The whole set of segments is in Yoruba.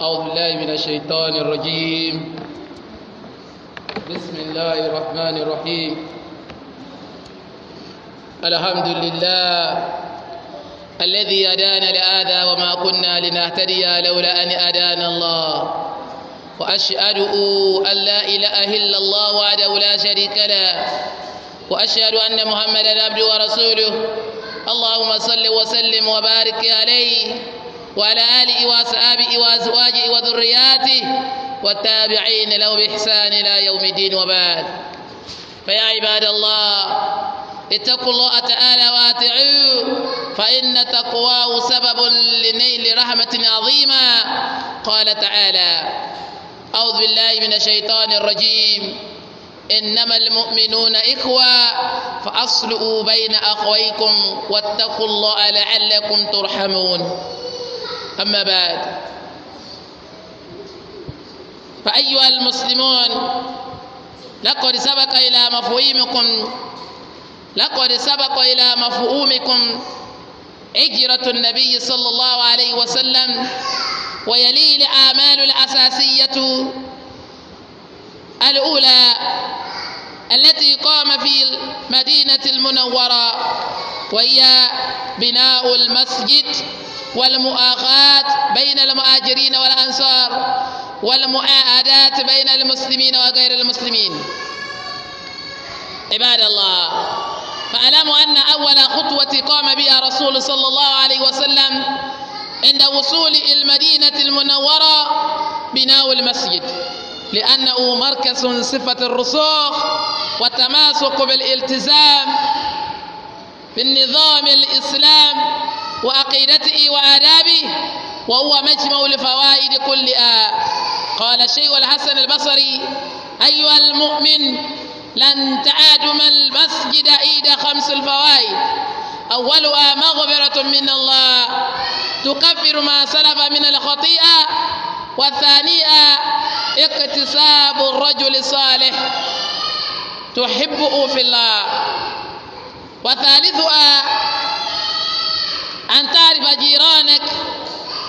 أعوذ بالله من الشيطان الرجيم بسم الله الرحمن الرحيم الحمد لله الذي أدانا لهذا وما كنا لنهتدي لولا أن أدانا الله وأشهد أن لا إله إلا الله وحده لا شريك له وأشهد أن محمدا عبده ورسوله اللهم صل وسلم وبارك عليه وعلى آله وأصحابه وأزواجه وذرياته والتابعين له بإحسان إلى يوم الدين وبعد فيا عباد الله اتقوا الله تعالى واتعوه فإن تقواه سبب لنيل رحمة عظيمة قال تعالى أعوذ بالله من الشيطان الرجيم إنما المؤمنون إخوة فأصلوا بين أخويكم واتقوا الله لعلكم ترحمون أما بعد فأيها المسلمون لقد سبق إلى مفهومكم لقد سبق إلى مفهومكم هجرة النبي صلى الله عليه وسلم ويليه الأعمال الأساسية الأولى التي قام في المدينة المنورة وهي بناء المسجد والمؤاخاة بين المهاجرين والأنصار والمعاهدات بين المسلمين وغير المسلمين عباد الله فألم أن أول خطوة قام بها رسول صلى الله عليه وسلم عند وصوله المدينة المنورة بناء المسجد لأنه مركز صفة الرسوخ والتماسك بالالتزام بالنظام الإسلام وعقيدته وآدابه وهو مجمع لفوائد كلها قال الشيخ الحسن البصري أيها المؤمن لن تعادم المسجد عيد خمس الفوائد أولها مغفرة من الله تكفر ما سلف من الخطيئة والثانية اكتساب الرجل الصالح تحبه في الله وثالثها أن تعرف جيرانك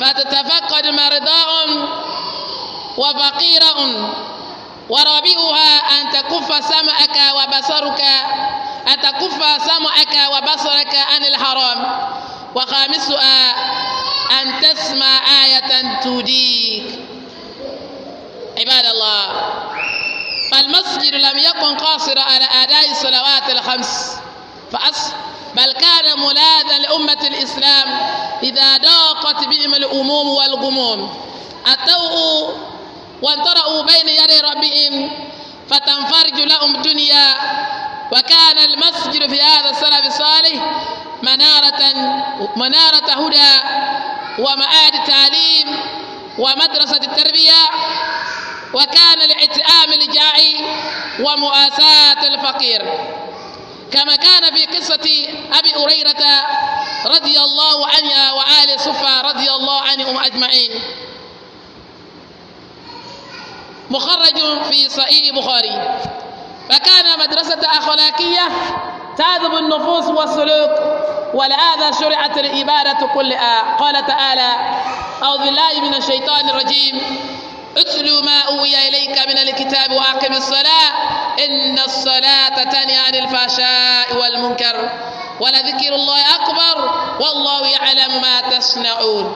فتتفقد مرضاهم وفقيرهم ورابعها أن تكف سمعك وبصرك أن تكف سمعك وبصرك عن الحرام وخامسها أن تسمع آية توديك عباد الله فالمسجد لم يكن قاصرا على أداء الصلوات الخمس فأص بل كان ملاذا لأمة الإسلام إذا ضاقت بهم الأموم والغموم أتوا وانطرأوا بين يدي ربهم فتنفرج لهم الدنيا وكان المسجد في هذا السلف الصالح منارة منارة هدى ومآد تعليم ومدرسة التربية وكان لإتئام الجائع ومؤاساة الفقير كما كان في قصة أبي هريرة رضي الله عنها وآل صفا رضي الله عنهم أجمعين مخرج في صحيح بخاري فكان مدرسة أخلاقية تعذب النفوس والسلوك ولهذا شرعت العبادة كلها قال تعالى أعوذ بالله من الشيطان الرجيم اتلو ما أوي إليك من الكتاب وأقم الصلاة إن الصلاة تنهى عن الفحشاء والمنكر ولذكر الله أكبر والله يعلم ما تصنعون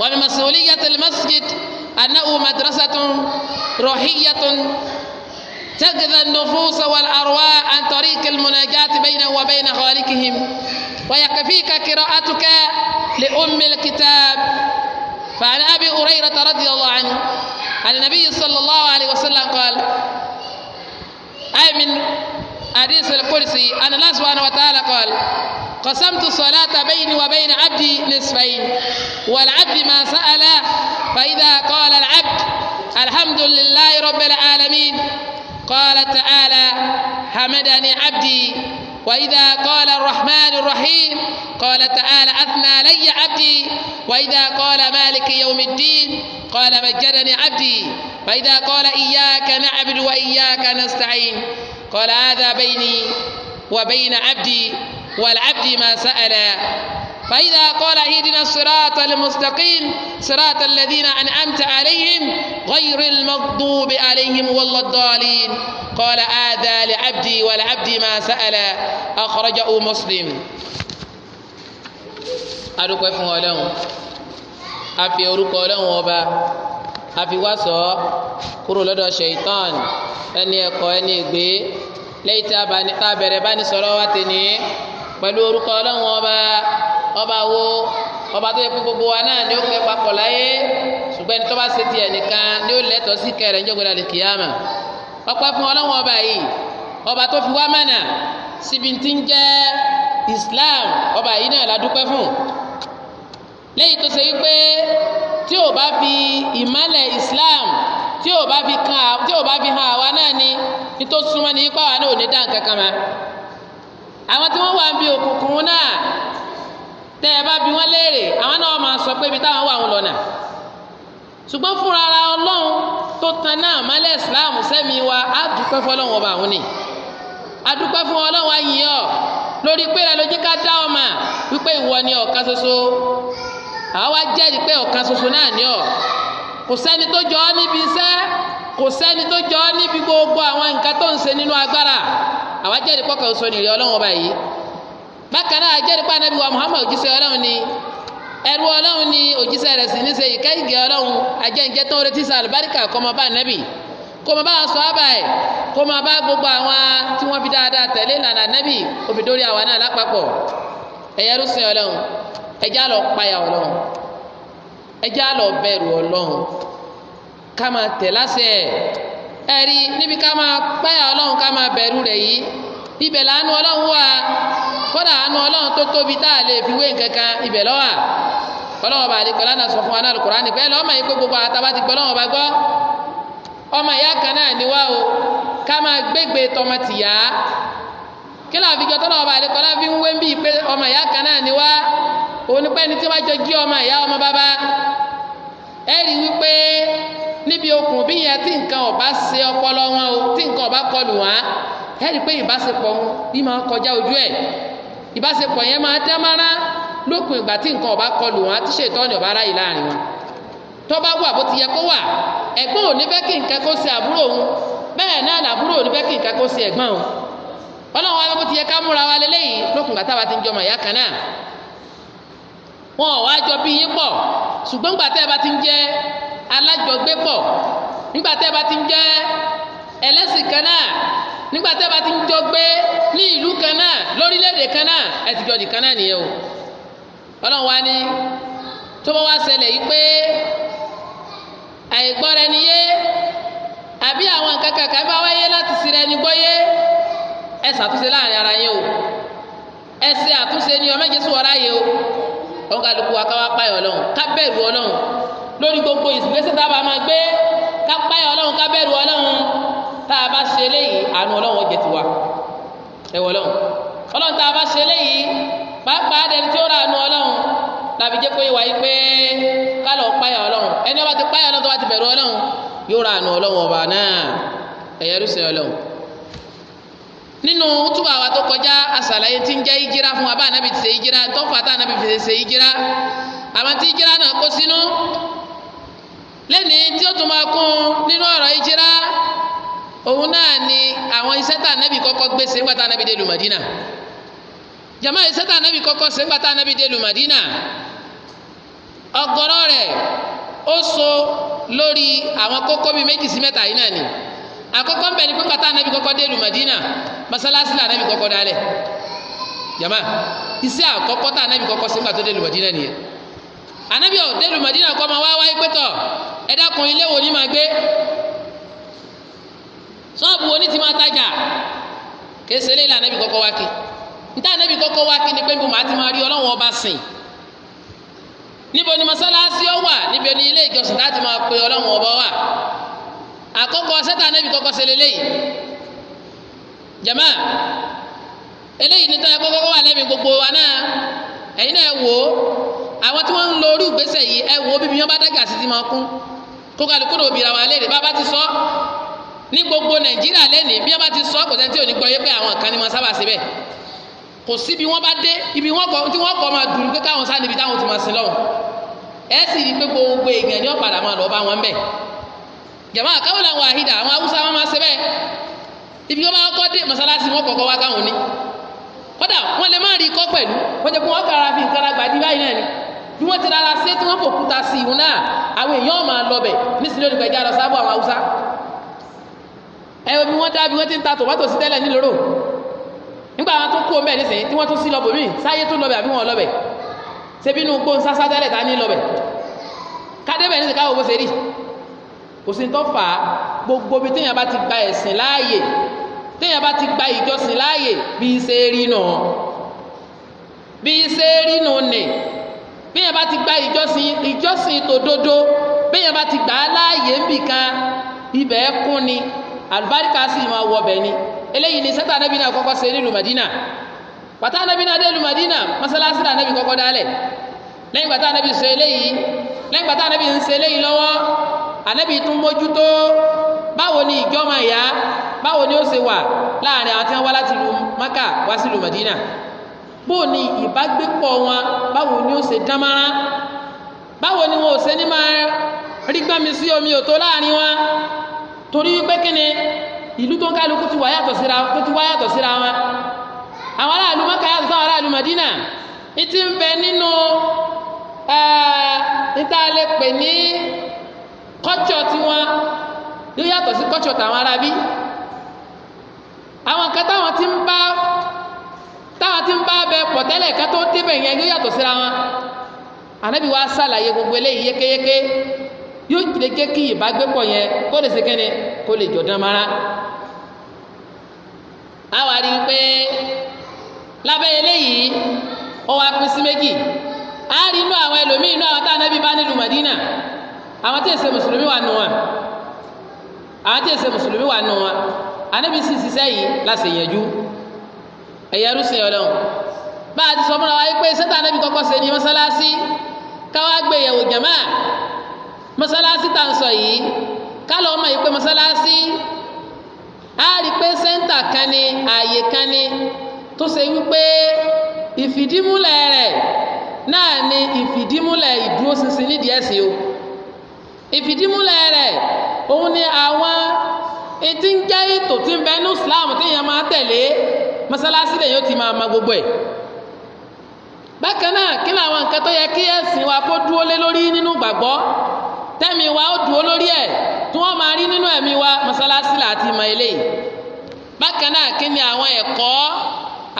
ومن مسؤولية المسجد أنه مدرسة روحية تغذى النفوس والأرواح عن طريق المناجاة بينه وبين خالقهم ويكفيك قراءتك لأم الكتاب فعن أبي هريرة رضي الله عنه عن النبي صلى الله عليه وسلم قال أي من حديث الكرسي أن الله سبحانه وتعالى قال قسمت الصلاة بيني وبين عبدي نصفين والعبد ما سأل فإذا قال العبد الحمد لله رب العالمين قال تعالى حمدني عبدي وإذا قال الرحمن الرحيم قال تعالى أثنى لي عبدي وإذا قال مالك يوم الدين قال مجدني عبدي وإذا قال إياك نعبد وإياك نستعين قال هذا بيني وبين عبدي والعبد ما سأل فإذا قال اهدنا الصراط المستقيم صراط الذين أنعمت عليهم غير المغضوب عليهم ولا الضالين قال آذى لعبدي ولعبدي ما سأل أخرجه مسلم أروكو يفهم ولهم أفي أروكو ولهم وبا أفي واسو كرو لدى الشيطان أني أقول أني أقبي ليتا باني تابر باني صلواتني pẹ̀lú orúkọ ọlọ́run ọba ọba wo ọba tó yẹ kó gbogbo wa náà ni ó kẹ́ papọ̀ láyé ṣùgbọ́n ẹni tó bá ṣe tiẹ̀ nìkan ni ó lẹ́tọ̀ọ́ sí kẹrẹ̀ ní ọgbẹ́dà lè ọpẹ́ fún ọlọ́run ọba yìí ọba tó fi wá mọ̀nà síbi tí ń jẹ́ Islam ọba yìí náà la dúpẹ́ fún lẹ́yìn tó ṣe wípé tí ò bá fi ìmọ̀lẹ̀ Islam tí ò bá fi hàn àwa náà ni nítòsúnmọ́ ni ipá wa náà ò ní dá nǹkan àwọn tí wọ́n wà ń bi òkùnkùn náà tẹ́ ẹ bá bi wọ́n léèrè àwọn náà máa sọ pé ibi táwọn wà ń lọ́nà ṣùgbọ́n fúnra ara ọlọ́run tó tan náà mọ́lẹ̀ islam sẹ́mi wa á dúpẹ́ fún ọlọ́run ọba àwọn ni á dúpẹ́ fún ọlọ́run ayìyọ́ lórí pé ẹlòjì ká dá ọmọ wípé ìwọ ni ọ̀kan ṣoṣo àwa jẹ́rìí pé ọ̀kan ṣoṣo náà ni ọ̀ kò sẹ́ni tó jọ ọ́ níbi iṣẹ́ kò sẹ́ni tó jọ ọ́ níbi gbogbo àwọn nǹkan tó ń ṣe nínú agbára àwa jẹ́rìí pọ́kàn oṣù nìrẹ́ ọlọ́run ọba yìí bákan náà jẹ́rìí pa anabi wa muhammad òjíṣẹ́ ọlọ́run ni ẹrú ọlọ́run ni òjíṣẹ́ rẹ̀ sì ní ṣe ìkẹ́ ìgẹ́ ọlọ́run ajẹ́njẹ́ tó ń retí sa àlùbáríkà kọ́mọ bá anabi kọ́mọ bá sọ ábà ẹ̀ kọ́mọ bá gbogbo àwọn tí wọ́n fi dáadáa tẹ̀lé ìlànà anabi òfin dórí àwa náà lápapọ̀ ẹ̀yẹ rúṣin ọlọ́run ẹjẹ́ ẹ̀rí níbi ká máa páyà ọlọ́run ká máa bẹ̀rù rẹ̀ yìí ibẹ̀ làánú ọlọ́run wà kódà àánú ọlọ́run tó tóbi tá a lè fi wé nǹkan ibẹ̀ lọ́wà ọlọ́run bá àdìpẹ́ lánàá sọ fún wa náà lùkùrá nípẹ́ yìí gbogbo àtàwọn bá gbọ́ ọmọ ìyá kan náà ni o ká máa gbégbé tọmọ kí lánàá fi ń wé bíi pé ọmọ ìyá kan náà ni wá tí jọ níbi okùn bí yẹn tí nǹkan ọba ṣe ọpọlọ wọn o tí nǹkan ọba kọlù wọn ẹ̀rí pé ìbáṣepọ̀ wọn bí máa kọjá ojú ẹ̀ ìbáṣepọ̀ yẹn máa dá mara lókun ìgbà tí nǹkan ọba kọlù wọn tí ṣètọ́ni ọba ráyè láàrin wọn tọ́ba wà bó ti yẹ kó wà ẹ̀gbọ́n ò ní fẹ́ kí nǹkan kó ṣe àbúrò òun bẹ́ẹ̀ náà làbúrò ò ní fẹ́ kí nǹkan kó ṣe ẹ̀gbọ́n òun ọlọ́run wa bó ti yẹ ká múra wa lélẹ́yìí lókun ìgbà táwa ti ń jọmọ ìyá kan náà wọn ò wá jọ bí yín pọ̀ ṣùgbọ́n gbà tẹ́ ẹ bá ti ń jẹ́ alájọgbépọ̀ nígbà tẹ́ bá ti ń jẹ́ ẹlẹ́sìn kan náà nígbà tẹ́ bá ti ń jọ gbé ní ìlú kan náà lórílẹ̀‐èdè kan náà ẹ ti jọ di kan náà nìyẹn o ọlọ́run wa ni tó bá wá ṣẹlẹ̀ yìí pé àìgbọ́ra ẹni yé àbí àwọn nǹkan kàkà bá wáyé láti sira ẹni gbọ́ yé ẹ ṣàtúnṣe láàrin ara yín o ẹ ṣe àtúnṣe ni ọmọ ìjẹsùn ọ̀rá yìí o ọ̀gá lóko wa ká wá pààyàn ọlọ́run ká bẹ̀rù ọlọ́run lórí gbogbo ìgbésẹ̀ tá a bá máa gbé kápáyà ọlọ́run kábẹ́rù ọlọ́run tá a bá ṣe eléyìí àánú ọlọ́run ọjẹ́ ti wá ẹ̀wọ̀ ọlọ́run ọlọ́run tá a bá ṣe eléyìí pàápàá dẹni tí ó ra àánú ọlọ́run làbí jẹ́ pé wà yí pé kálọ̀ páyà ọlọ́run ẹni ọba ti páyà ọlọ́run tó bá ti bẹ̀rù ọlọ́run yóò ra àánú ọlọ́run ọba náà ẹ̀yẹ́rúsẹ̀ ọlọ́run nínú túbọ̀ àwa tó kọjá àṣàlàyé tí ń jẹ́ ìjírá fún wa bá ànábì ti ṣe ìjírá tó fà tá ànábì fi ṣe ìjírá àwọn tí ìjírá náà kó sínú lẹ́ni tí ó tún máa kún nínú ọ̀rọ̀ ìjírá òun náà ni àwọn iṣẹ́ tá ànábì kọ́kọ́ gbé ṣe ńgbà tá ànábì dé lu Madina jama iṣẹ́ tá ànábì kọ́kọ́ ṣe ńgbà tá ànábì dé lu Madina ọ̀gọ̀rọ̀ rẹ̀ ó so lórí àwọn kókó bíi méjì sí mẹ́ta yìí náà ni àkọ́kọ́ ńbẹ ni pé pátá ànábì kọ́kọ́ dé lu masalasi la ànábì kọ́kọ́ dálẹ̀ jama iṣẹ́ àkọ́kọ́ tá ànábì kọ́kọ́ ṣe ńgbà tó dé lu Madina nìyẹn ànábì ọ̀ dé lu Madina ma wá wáyé pẹ́tọ̀ ẹ dákun ilé wo ni máa gbé ṣọ́ọ̀bù wo ni ti máa tajà kése lé ilé ànábì kọ́kọ́ wá kí níta ànábì kọ́kọ́ wá kí ni pé ti máa rí ọba sìn níbo ni mọ́sálásí ọ wà níbo ni ilé ìjọsìn láti máa pe ọlọ́run ọba wà àkọ́kọ́ sẹ́tà ànábì kọ́kọ́ ṣe lélẹ́yìí jama eléyìí ẹ kọ́kọ́ wà gbogbo wa náà ẹ̀yin náà ẹ wò ó àwọn tí wọ́n ń lo orí ìgbésẹ̀ yìí ẹ wò ó bíbí bá kó kálukú náà bìrà wà léèrè bá a bá ti sọ ní gbogbo nàìjíríà lẹ́nìí bí wọ́n bá ti sọ kò sẹ́ni tí ò ní gbọ́ yé pé àwọn kan ní máa sábà síbẹ̀ kò sí bí wọ́n bá dé ibi wọ́n kọ tí wọ́n kọ máa dùn pé káwọn sáà níbi táwọn ti máa sin lọ́wọ́ ẹ sì rí pé gbogbo èèyàn ni wọ́n padà máa lọ bá wọn bẹ̀ jàmá káwọn làwọn àhídà àwọn haúsá wọn máa ṣe bẹ́ẹ̀ ibi wọ́n bá kọ́ dé mọ́sálásí wọn kọ̀ọ̀kọ́ wá káwọn ní kódà wọ́n lè má rí kọ́ pẹ̀lú wọ́n jẹ́ pé wọ́n kára fi nǹkan bí wọ́n ti rárá ṣe tí wọ́n kò kúta sí ìhun náà àwọn èèyàn máa lọ bẹ̀ nísìnyí lónìí pẹ̀já lọ sábọ̀ àwọn haúsá ẹ bí wọ́n dá bí wọ́n ti ń ta tòmátò sí tẹ́lẹ̀ nílòrò nígbà wọn tún kú omi ẹ̀ nísìnyí tí wọ́n tún sí lọ bòmíì sáyé tó lọ bẹ̀ àbí wọn lọ bẹ̀ ṣebí inú gbóhùn sásá tẹ́lẹ̀ ta ní lọ bẹ̀ kádébẹ̀ nísìnyí káwọ́ bó ṣe rí kò sí tó fà á gbogbo bí téèyàn bá ti gba ẹ̀sìn láàyè téèyàn bá ti gba ìjọsìn láàyè bí ṣe rí nù bí ṣe rí nù nì bíyàn bá ti gba ìjọsìn ìjọsìn tòdodo bíyàn bá ti gbà á láàyè ńbì kan ibẹ̀ kún ni àlùbáríkà sì máa wọ bẹ̀ ni eléyìí ni sẹ́tà anábì náà kọ́kọ́ ṣe nílùú Madina pàtà anábì náà dé ìlú Madina mọ́sálásí náà anábì kọ́kọ́ dálẹ̀ lẹ́yìn pàtà anábì ṣe eléyìí lẹ́yìn pàtà anábì ń ṣe eléyìí lọ́wọ́ anábì tún mójútó báwo ni ìjọ máa yá báwo ni ó ṣe wà láàrin àwọn tí wọ́n wá láti ìlú Maka wá sí ìlú Madina bó ni ìbágbépọ̀ wọn báwo ni ó ṣe dán mọ́ra báwo ni wọn ò ṣe ní máa rí gbẹ́mi sí omi tó láàrin wọn torí wípé kí ni ìlú tó ń kálukú ti wá yàtọ̀ síra wọn àwọn aráàlú yàtọ̀ táwọn ti ń bá bẹ pọ̀ tẹ́lẹ̀ ká tó débẹ̀ yẹn yóò yàtọ̀ síra wọn ànábì wa sàlàyé gbogbo eléyìí yékéyéké yóò lè jẹ́ kí ìbágbépọ̀ yẹn kó lè sekẹ́ni kó lè jọ dán mara àwa rí i pé lábẹ́ eléyìí ó wá pín sí méjì á rí inú àwọn ẹlòmíì inú àwọn táwọn ẹbí bá nílùú Madina àwọn tí èsè mùsùlùmí wà nù wọn àwọn tí èsè mùsùlùmí wà nù wọn ànábì sì ṣiṣẹ́ yìí láṣẹ yẹn ẹ̀yẹ rúṣin ọlọ́run bá a ti sọ fúnra wa yìí pé sẹ́tà anábì kọ́kọ́ ṣe ní mọ́sálásí káwá gbé yẹ̀wò jàmá mọ́sálásí tá à ń sọ yìí ká lọ́ọ́ mọ̀ yìí pé mọ́sálásí á rí i pé sẹ́ńtà kan ni ààyè kan ni tó ṣe wípé ìfìdímúlẹ̀ rẹ̀ náà ni ìfìdímúlẹ̀ ìdúróṣinṣin nídìí ẹ̀sìn o ìfìdímúlẹ̀ rẹ̀ òun ni àwọn etí ń jẹ́ ètò tí ń bẹ ní Islam tí èèyàn máa tẹ̀lé mọ́sálásí lẹ́yìn ó ti máa ma gbogbo ẹ̀ bákan náà kí làwọn nǹkan tó yẹ kí ẹ̀sìn wa kó dúró lé lórí nínú gbàgbọ́ tẹ́mi wa ó dúró lórí ẹ̀ tí wọ́n máa rí nínú ẹ̀mí wa mọ́sálásí láti mọ eléyìí bákan náà kí ni àwọn ẹ̀kọ́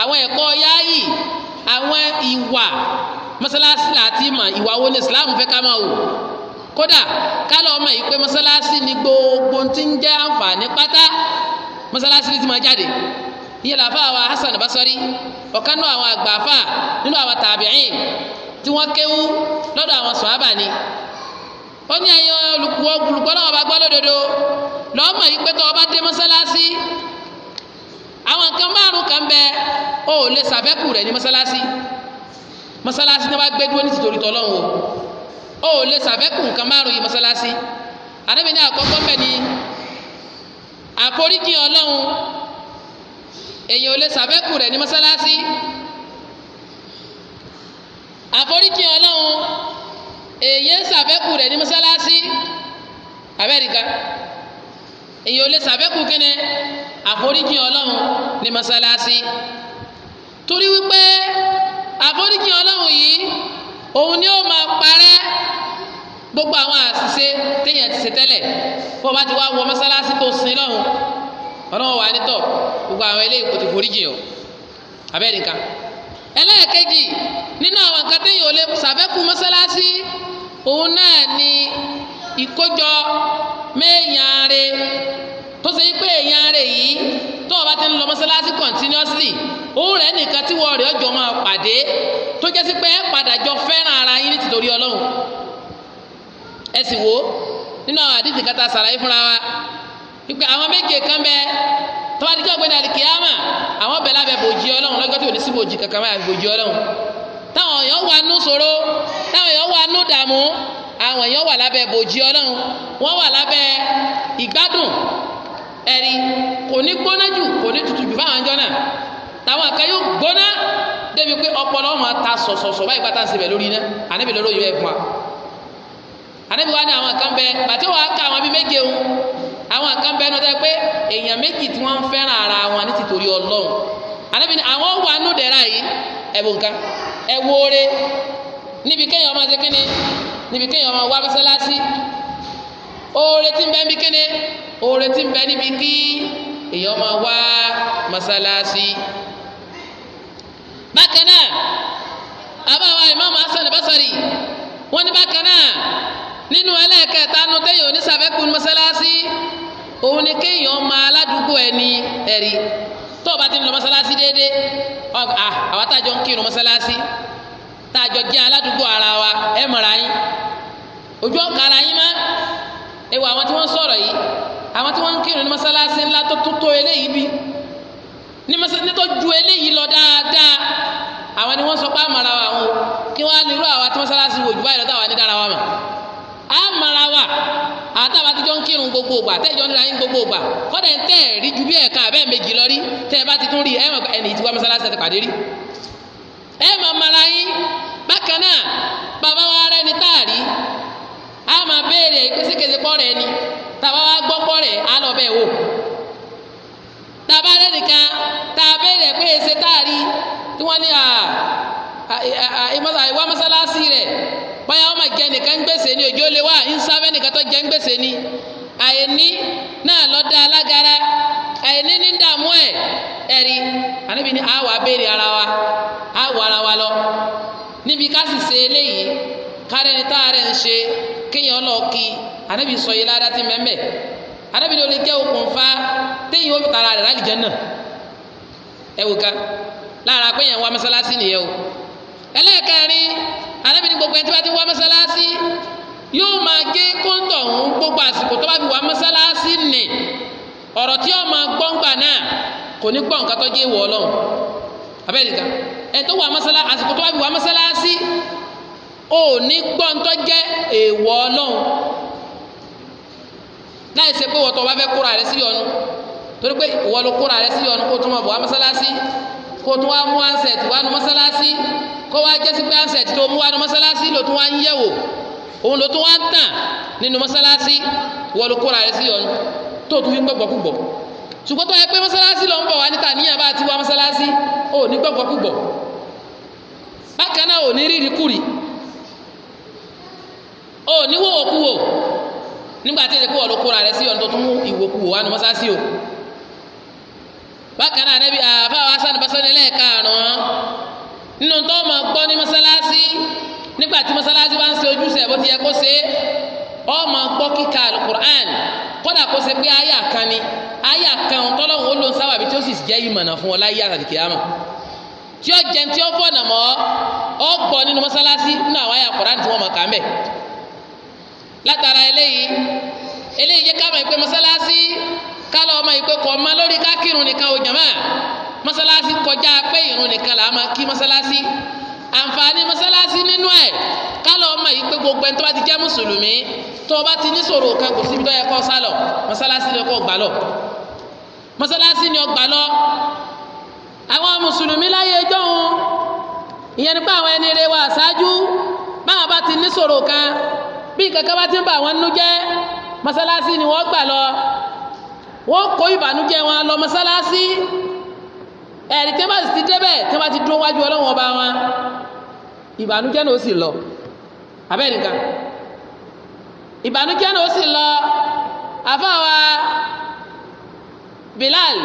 àwọn ẹ̀kọ́ yáàyì àwọn ìwà mọ́sálásí láti mọ ìwà wo ni Islam fẹ́ ká máa wò kódà kálọ̀ ọmọ yìí pé mọ́sálásí ni gbogbo ti ń jẹ́ àǹfààní pátá mọ́sálásí ni ti máa jáde ìyẹn làbá àwọn Hasan Basari ọ̀kan náà àwọn àgbààfà nínú àwọn tàbíìn tí wọ́n kéwú lọ́dọ̀ àwọn sọ̀hábà ni ó ní ayé olùkọ́ olùkọ́ náà bá gbọ́ lódodo lọ́mọ yìí pé tó o bá dé mọ́sálásí àwọn nǹkan márùn kan bẹ ó lè sàbẹ́kù rẹ̀ ní mọ́sálásí mọ́sálásí náà bá gbé dúró ní tìtorí tọ́lọ́hún o ó lè sàbẹ́kù nǹkan márùn yìí mọ́sálásí àdébìnrin àkọ́kọ́ mẹ́ ni àforíjì ọlọ́run èyàn ò lè sàbẹ́kù rẹ̀ ní mọ́sálásí àforíkì ọlọ́run èyàn sàbẹ́kù rẹ̀ ní mọ́sálásí abẹ́ríkà èyàn ò lè sàbẹ́kù kínní àforíkì ọlọ́run ní mọ́sálásí torí wípé àforíkì ọlọ́run yìí òun ni ó máa parẹ́ gbogbo àwọn àṣìṣe téèyàn ti ṣe tẹ́lẹ̀ bó bá ti wá wọ mọ́sálásí tó sin lọ́hùn-ún ọlọ́wọ́ wa ní tọ̀ gbogbo àwọn eléyìí kò ti foríjì o abẹ́rẹ́ nǹkan ẹlẹ́ẹ̀kejì nínú àwọn nǹkan tí yòó lè sàbẹ́kù mọ́sálásí òun náà ni ìkójọ méèyànre tó ṣe pé èèyànre yìí tó o bá ti ń lọ mọ́sálásí continuously òun rẹ̀ nìkan tí wọ́n rẹ̀ ọjọ́ máa pàdé tó jẹ́ sí pé ẹ padà jọ fẹ́ràn ara yín ní tìtorí ọlọ́run ẹ sì wò nínú àwọn àdìsí kan tá fúnra wa wípé àwọn méje kan bẹ alikiyama àwọn bẹ̀ lábẹ́ bòjì ọlọ́run lọ́jọ́ tí ò ní sí bòjì kankan máa bòjì ọlọ́run táwọn èèyàn wà nú ṣòro táwọn èèyàn wà nú dààmú àwọn èèyàn wà lábẹ́ bòjì ọlọ́run wọ́n wà lábẹ́ ìgbádùn ẹ̀rí kò ní gbóná jù kò ní tutù jù fáwọn náà táwọn gbóná débi pé ọpọlọ wọn ta sọ̀sọ̀sọ̀ báyìí pátá ń sebẹ̀ lórí fún wa wa ní àwọn kan bẹ bàtí wọn á ká àwọn bíi àwọn kan bẹ́ẹ̀ ní ọjọ́ pé èèyàn méjì ara wọn ní tìtorí ọlọ́run ànábì àwọn wà nù dẹ̀ra yìí ore níbi kéèyàn máa ṣe kíni níbi kéèyàn máa wá mọ́sálásí oore tí ń bẹ níbi kíni oore tí ń bẹ níbi kí èèyàn máa wá mọ́sálásí. bákan náà àbáwá Basari nínú ẹlẹ́ẹ̀kẹta nu téèyàn onísàfẹ́kù mọ́sálásí òun ni kéèyàn máa aládùúgbò ẹni ẹ̀rí tó o bá ti ń lọ mọ́sálásí déédéé àwa tájọ ń kírun mọ́sálásí tájọ jẹ́ aládùúgbò ara wa ẹ̀ mọ̀ra yín ojú ọ̀ka ara yín má ewu àwọn tí wọ́n ń sọ̀rọ̀ yìí àwọn tí wọ́n ń kírun ní mọ́sálásí ńlá tó tó tó eléyìí bí ní mọ́sálásí tó ju eléyìí lọ dáadáa àwọn ni wọ́n sọ pé àmọ̀ra wa wọn kí wọ́n á nílò àwa tí mọ́sálásí wò jù báyìí lọ́tà wa ní wa mọ̀. amarawa àtàwọn àtijọ́ ń kírun gbogbo ògbà àtẹ̀jọ́ ń yín gbogbo ògbà kọ́dẹ̀ ń tẹ̀ rí ju bí ẹ̀ka àbẹ́ méjì lọ rí tẹ́ bá ti tún rí ẹ̀ ẹni mọ́sálásí ti pàdé rí. mara yín bákan a máa béèrè rẹ̀ ni tàbá wa gbọ́ rẹ̀ á ìwà mọ́sálásí rẹ̀ báyà ọmọ ìjẹ nìkan ń gbèsè ni òjò lè wá ìnsáfẹ́ nìkan tó jẹ́ ń gbèsè ni àìní náà lọ́dọ̀ alágara àìní ní dààmú ẹ̀ ẹ̀rí àníbi ni àwa béèrè ara wa àwa ara wa lọ níbi ká sì ṣe eléyìí kárẹ́ni tá a rẹ̀ ń ṣe kéèyàn ọlọ́ọ̀kì àníbi sọ yìí ládàá ti mẹ́mẹ́ àníbi ni o lè jẹ́ okùnfà téèyàn ó fi tara rẹ̀ láti jẹ́ náà ẹ wò ká lára pé yẹn wá mọ́sálásí nìyẹn o ẹlẹ́ẹ̀kẹrin anábì ní gbogbo ẹni tí wọ́n ti wá mọ́sálásí yóò máa gé kóńtọ̀ ọ̀hún gbogbo àsìkò tó bá fi wá mọ́sálásí nì ọ̀rọ̀ tí yóò máa gbọ́ ńgbà náà kò ní gbọ́ nǹkan tó jẹ́ ìwọ ọlọ́run abẹ́rẹ́ nìkan ẹ tó wá mọ́sálásí àsìkò tó bá fi wá mọ́sálásí ò ní gbọ́ ń tó jẹ́ ìwọ ọlọ́run láì ṣe pé wọ́tọ̀ wá fẹ́ kóra rẹ sí yọnu torí pé ìwọ ló kóra rẹ sí yọnu kó tó máa bọ̀ wá mọ́sálásí kó tún wá mú asset wá nu mọ́sálásí kó wá jẹ́ sí pé asset tó mú wá nu mọ́sálásí ló tún wá ń yẹ̀ wò òun ló tún wá ń tàn nínú mọ́sálásí wọ́n ló kóra rẹ̀ sí ọ̀nù tó tún fi gbọ́gbọ́ kúgbọ̀ ṣùgbọ́n tó yẹ pé mọ́sálásí ló ń bọ̀ wá níta níyàn bá ti wá mọ́sálásí ò ní gbọ́gbọ́ kúgbọ̀ bákan náà ò ní rírì kúrì ò ní wòwòkúwò nígbà tí èdè pé wọ́n ló bákan náà anabi àfa wa sani basani lẹ́ẹ̀karùn-ún nínú tó máa gbọ́ ní mọ́sálásí nígbà tí mọ́sálásí bá ń ṣe ojúṣe bó ti yẹ kó ṣe ó máa gbọ́ kíka alukur'an kódà kó ṣe pé àyà kan ni àyà kan tọ́lọ́hún ó lóun sábàbí tí ó sì jẹ́ ìmọ̀nà fún ọ láyé àtàdì kìámà tí ó jẹun tí ó fọ̀nà mọ́ ọ gbọ́ nínú mọ́sálásí nínú àwọn àyà kur'an tí wọ́n mọ̀ kà ń látara eléyìí eléyìí jẹ́ ká mọ̀ pé mọ́sálásí kálọ̀ ọmọ yìí pé kọ̀ ọmọ lórí ká kírun nìkan o jàmá mọ́sálásí kọjá pé ìrun nìkan là á máa kí mọ́sálásí àǹfààní mọ́sálásí nínú ẹ̀ kálọ̀ ọmọ yìí pé gbogbo ẹni tó bá ti jẹ́ mùsùlùmí tó o bá ti ní sòrò kan kò síbi tó yẹ kó sálọ mọ́sálásí ni kó gbà lọ mọ́sálásí ni ó gbà lọ àwọn mùsùlùmí láyé ẹjọ́ wọn ìyẹn nípa àwọn ẹni rẹ wà ṣáájú báwọn bá ti ní sòrò kan bí kankan bá ti ń bá àwọn nínú jẹ́ mọ́sálásí ni wọ́n gbà lọ wọ́n kó ìbànújẹ́ wọn lọ mọ́sálásí ẹ̀rí tí wọ́n bá ti débẹ̀ tí wọ́n bá ti dún wájú ọlọ́wọ́n ọba wọn ìbànújẹ́ náà ó sì lọ abẹ́nìkan ìbànújẹ́ náà ó sì lọ àfáwa Bilal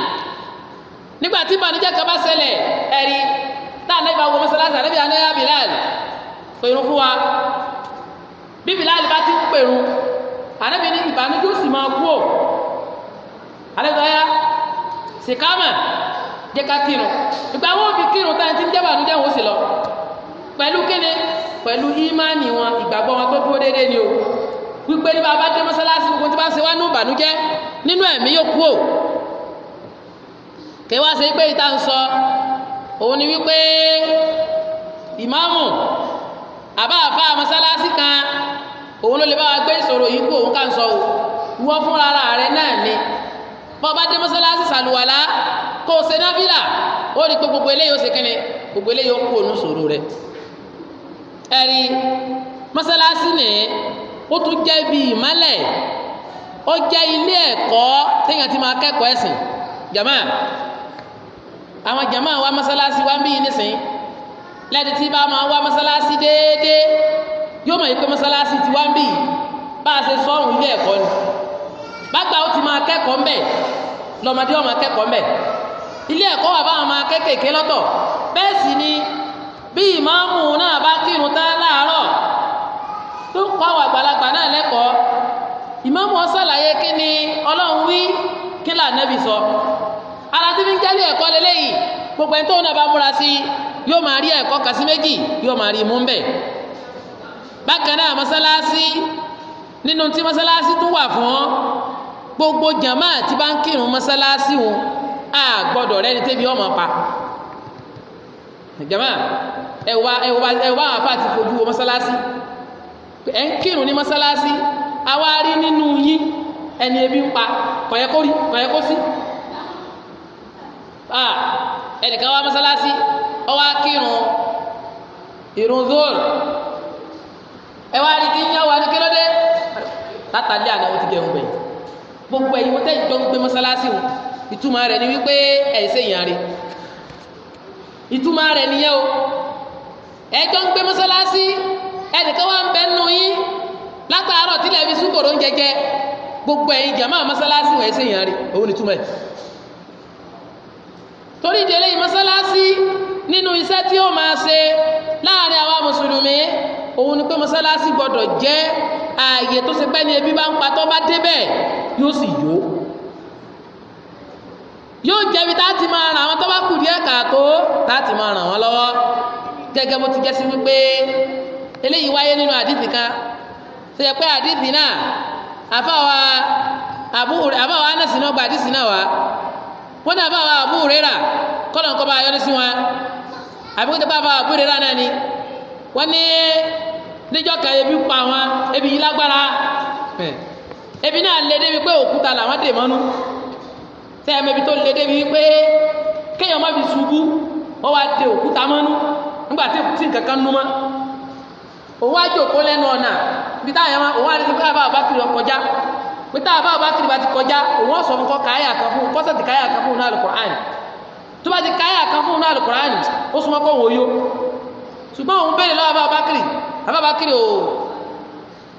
nígbà tí ìbànújẹ́ kan bá ṣẹlẹ̀ ẹ̀rí tá a nẹ́bàá wọ mọ́sálásí àlẹ́bí anáyà Bilal pèrún fún wa bí Bilal bá ti ń pèrún àlẹ́bí ní ìbànújẹ́ ó sì máa kú ò alẹ́ sọ ya sìkámà jẹ́ ká kírun ìgbà wo fi kírun tá a ti ń jẹ́ bàánú jẹ́ wò sí lọ pẹ̀lú kíni pẹ̀lú ímánì wọn ìgbàgbọ́ wọn tó dúró déédéé ni o wípé ní bàbá dé mọ́sálásí gbogbo tí bá ṣe wá ní ìbànújẹ́ nínú ẹ̀mí yóò kú o kí wá ṣe pé ìta ń sọ òun ni wípé ìmáàmù àbá àfa mọ́sálásí kan òun ló lè bá wa gbé ìṣòro yìí kú òun ká ń sọ o wọ́n fúnra rẹ̀ náà ni bọ́ bá dé mọ́sálásí sàlùwàlá kó o ṣe nábìlà ó rí i pé gbogbo eléyìí ó ṣe kíni gbogbo eléyìí ó kú ònú sòrò rẹ. ẹ̀rí mọ́sálásí ni ó tún jẹ́ ibi ìmọ́lẹ̀ ó jẹ́ ilé ẹ̀kọ́ téèyàn ti máa kẹ́kọ̀ọ́ ẹ̀sìn jàmá àwọn jàmá wa mọ́sálásí wa ń bí yìí nísìnyí lẹ́ni tí bá máa wá mọ́sálásí déédéé yóò mọ̀ yìí pé mọ́sálásí ti wá ń bí bá a ṣe sọ́ọ̀hún ilé ẹ̀kọ́ ni bàgbà ó ti máa kẹ́kọ̀ọ́ mbẹ̀ lọ́mọdé ó máa kẹ́kọ̀ọ́ mbẹ̀ ilé ẹ̀kọ́ wà báwọn máa kékèké lọ́tọ̀ bẹ́ẹ̀ sì ni bí ìmáàmù náà bá kírun tán láàárọ̀ tó ń kọ́ àwọn àgbàlagbà náà lẹ́kọ̀ọ́ ìmáàmù ó ṣàlàyé kí ni ọlọ́run wí kí lànàbì sọ ara tí fi ń jálè ẹ̀kọ́ lélẹ́yìí gbogbo ẹni tó náà bá múra sí yóò máa rí ẹ̀kọ́ kàsí méjì yóò máa rí mú ń bẹ̀ bákan náà mọ́sálásí nínú tí mọ́sálásí tún wà fún gbogbo jàmá àti bá ń kírun mọ́sálásí wọn a gbọ́dọ̀ rẹ ní tẹ́bi ọmọ pa jàmá ẹ wá ẹ wá ẹ wá àfa àti fojú wo mọ́sálásí ẹ ń kírun ní mọ́sálásí àwa rí nínú yín ẹni ebi ń pa kọ̀yẹ́ kó rí kọ̀yẹ́ kó sí ẹnìkan wá mọ́sálásí ó wá kírun ìrun zool ẹ wá rí ti ń yá wa ní kílódé látàlí àná ó ti gẹ̀hún bẹ̀yìn gbogbo ẹ̀yin wọ́n tẹ́jọ́ ń gbé mọ́sálásí o ìtumọ̀ rẹ̀ ni wípé ẹ̀ ń sèyàn rẹ̀ ìtumọ̀ rẹ̀ nìyẹn o ẹjọ́ ń gbé mọ́sálásí ẹnìkan wà ń bẹ́ nù yín látàárọ̀ tí lẹ́ẹ̀fi súkòrò ń jẹjẹ gbogbo ẹ̀yin jàmá mọ́sálásí wọ̀ ẹ̀ sèyàn rẹ̀ òun ni túmọ̀ ẹ̀ torí ìdílé yìí mọ́sálásí nínú iṣẹ́ tí ó máa ṣe láàrin àwa mùsùlùmí òun ni pé mọ́sálásí gbọ́dọ̀ jẹ́ ààyè tó ṣe pẹ́ ní ebi bá ń pa bá débẹ̀ yóò sì yó yóò jẹbi táti máa ràn àwọn tó bá kù díẹ̀ kàtó táti máa ràn wọ́n lọ́wọ́ gẹ́gẹ́ bó ti jẹ́ sí wípé eléyìí wáyé nínú àdìsí kan ṣe yẹ pé àdìsí náà àfàwà àbúrò àbáwá anasi náà gba àdìsí náà wá wọ́n ní àbáwá àbúrò rà kọlọ nǹkan bá yọrí sí wọn àbíkúndé bá àbáwá àbúrò rà náà ni wọ́n ní níjọ́ kan ebi pa wọn ebi yìí lágbára. ebi náà lé débi pé òkúta làwọn dè mọ́nú sẹ́yìn mẹ́bi tó lé débi pé kéèyàn má fi ṣubú wọ́n wá de òkúta mọ́nú nígbà tí kò nǹkan kan nú òun wá jòkó lẹ́nu ọ̀nà bí ti kọjá òun ọ̀sọ̀ káyà kan fún káyà ti káyà kan fún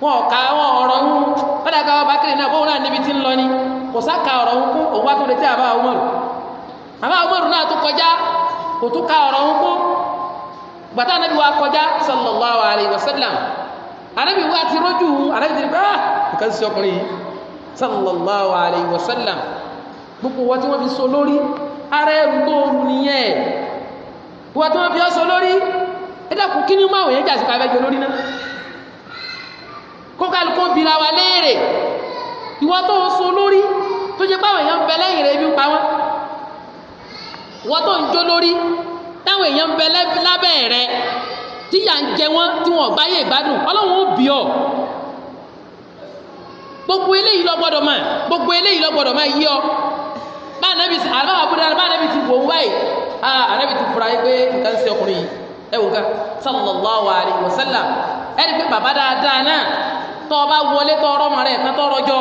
wọn ọ̀ka wọn ọ̀rọ̀ ń wọ́n dàgbà wọn bákìrì náà bóun náà níbi tí ń lọ ni kò sáka ọ̀rọ̀ ń kú òun wá tó lè tẹ́ àbá ọmọrù àbá ọmọrù náà tó kọjá kò tó ka ọ̀rọ̀ ń kú gbàtà anábì wa kọjá sallallahu alayhi wa sallam anábì wa ti rọ́jú anábì ti rí bá ah, nǹkan sí ọkùnrin yìí sallallahu alayhi wa sallam gbogbo wọn tí wọ́n fi so lórí ara ẹrù tó rù nìyẹn wọn tí wọ́n fi ọ́ so lórí ẹ dàkú kí ni máa wọ̀nyẹn kókàlùkó bira wa léèrè ìwọ tó ń sun lórí tó jẹ́ páwọn èèyàn ń bẹ lẹ́yìn rẹ̀ ibi ń pa wọ́n ìwọ tó ń jó lórí táwọn èèyàn ń bẹ lábẹ́ rẹ̀ tíyà ń jẹ wọ́n tí wọ́n gbáyé ìgbádùn ọlọ́run ó bì ọ́ gbogbo eléyìí lọ gbọ́dọ̀ máa gbogbo eléyìí lọ máa yí ọ bá anabi àbáwá abúlé bá anabi ti wò wáyé anabi ti fura yìí pé nǹkan ń ṣe ọkùnrin yìí ẹ wò ká sallallahu alaihi wasallam ẹni pé bàbá dáadáa náà tọ́ ọ bá wọlé tọ́ ọrọ́ mọ̀rẹ́ ẹ̀ka tọ́ ọrọ́jọ́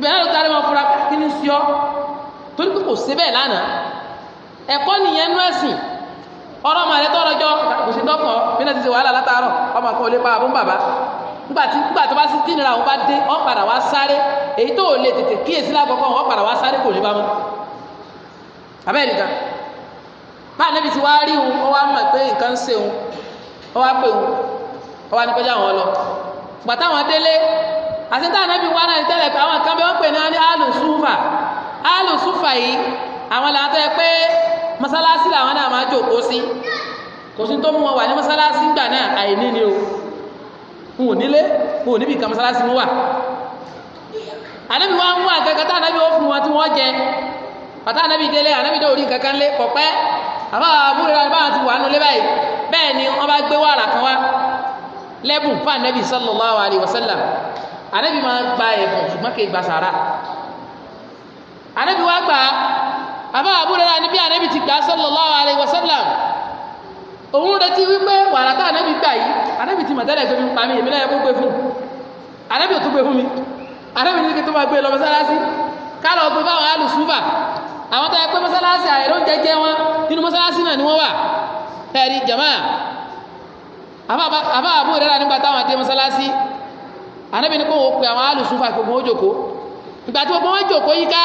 bẹ́ẹ̀ ló sáré máa fura ah, kí ni sọ torí pé kò sí bẹ́ẹ̀ lánàá ẹ̀kọ́ nìyẹn nú ẹ̀sìn ọrọ́ mọ̀rẹ́ tọ́ ọrọ́jọ́ kò sí dọ́kọ̀ bí náà ti ṣe wàhálà látàárọ̀ ọmọ kan lè pa àbúrò bàbá gbàtí gbàtí bá sí dínira wọn bá dé ọ padà wá sáré èyí tó lè tètè kíyèsí lágbọ̀kọ̀ ọ padà wá sáré kò lè bá mọ́ abẹ́ẹ̀ nìkan bá anabi ti wá rí òun ọwọ́ àmọ̀ pé nǹkan ń ṣe òun ọwọ́ àpè òun ọwọ́ àni kọjá àwọn lọ gbàtà àwọn délé àtẹ̀tà anabi wà náà tẹ́lẹ̀ pé àwọn kan bẹ́ẹ̀ wọ́n pè ní alùsùfà alùsùfà yìí àwọn làwọn tẹ́ pé mọ́sálásí làwọn náà máa jòkó sí kò sí tó mú wọn wà ní mọ́sálásí gbà náà àìní ni o n ò nílé n ò níbi kan mọ́sálásí mú wà anabi wa ń wá kankan tá anabi ó fún wọn tí wọ́n jẹ bàtà anabi délé anabi dé orí kankan lé kọ̀pẹ́ àbá àbúrò bá ti wà nulẹ̀ báyìí bẹ́ẹ̀ ni wọ́n bá gbé wàrà kan wá lẹ́bùn fún anabi sallallahu alayhi wa sallam anabi máa gba ẹ̀bùn ṣùgbọ́n kì í gba sàrà anabi wá gbà á àbá àbúrò rẹ̀ níbi anabi ti gbà sallallahu alayhi wa sallam òun retí wípé wàrà tá anabi gbà yìí anabi ti màtẹ́lẹ̀ gbé mi pa mí èmi náà yẹ gbé fún anabi àwọn tó yẹ pé mọ́sálásí àìrò ń jẹjẹ wọn nínú mọ́sálásí náà ni wọ́n wà ẹ̀rí jama àbá àbú rẹ̀ rà nígbà táwọn àti mọ́sálásí ànábì ní kó wọ́n pe àwọn alùsùnfà gbogbo wọn jòkó ìgbà tí gbogbo wọn jòkó yíká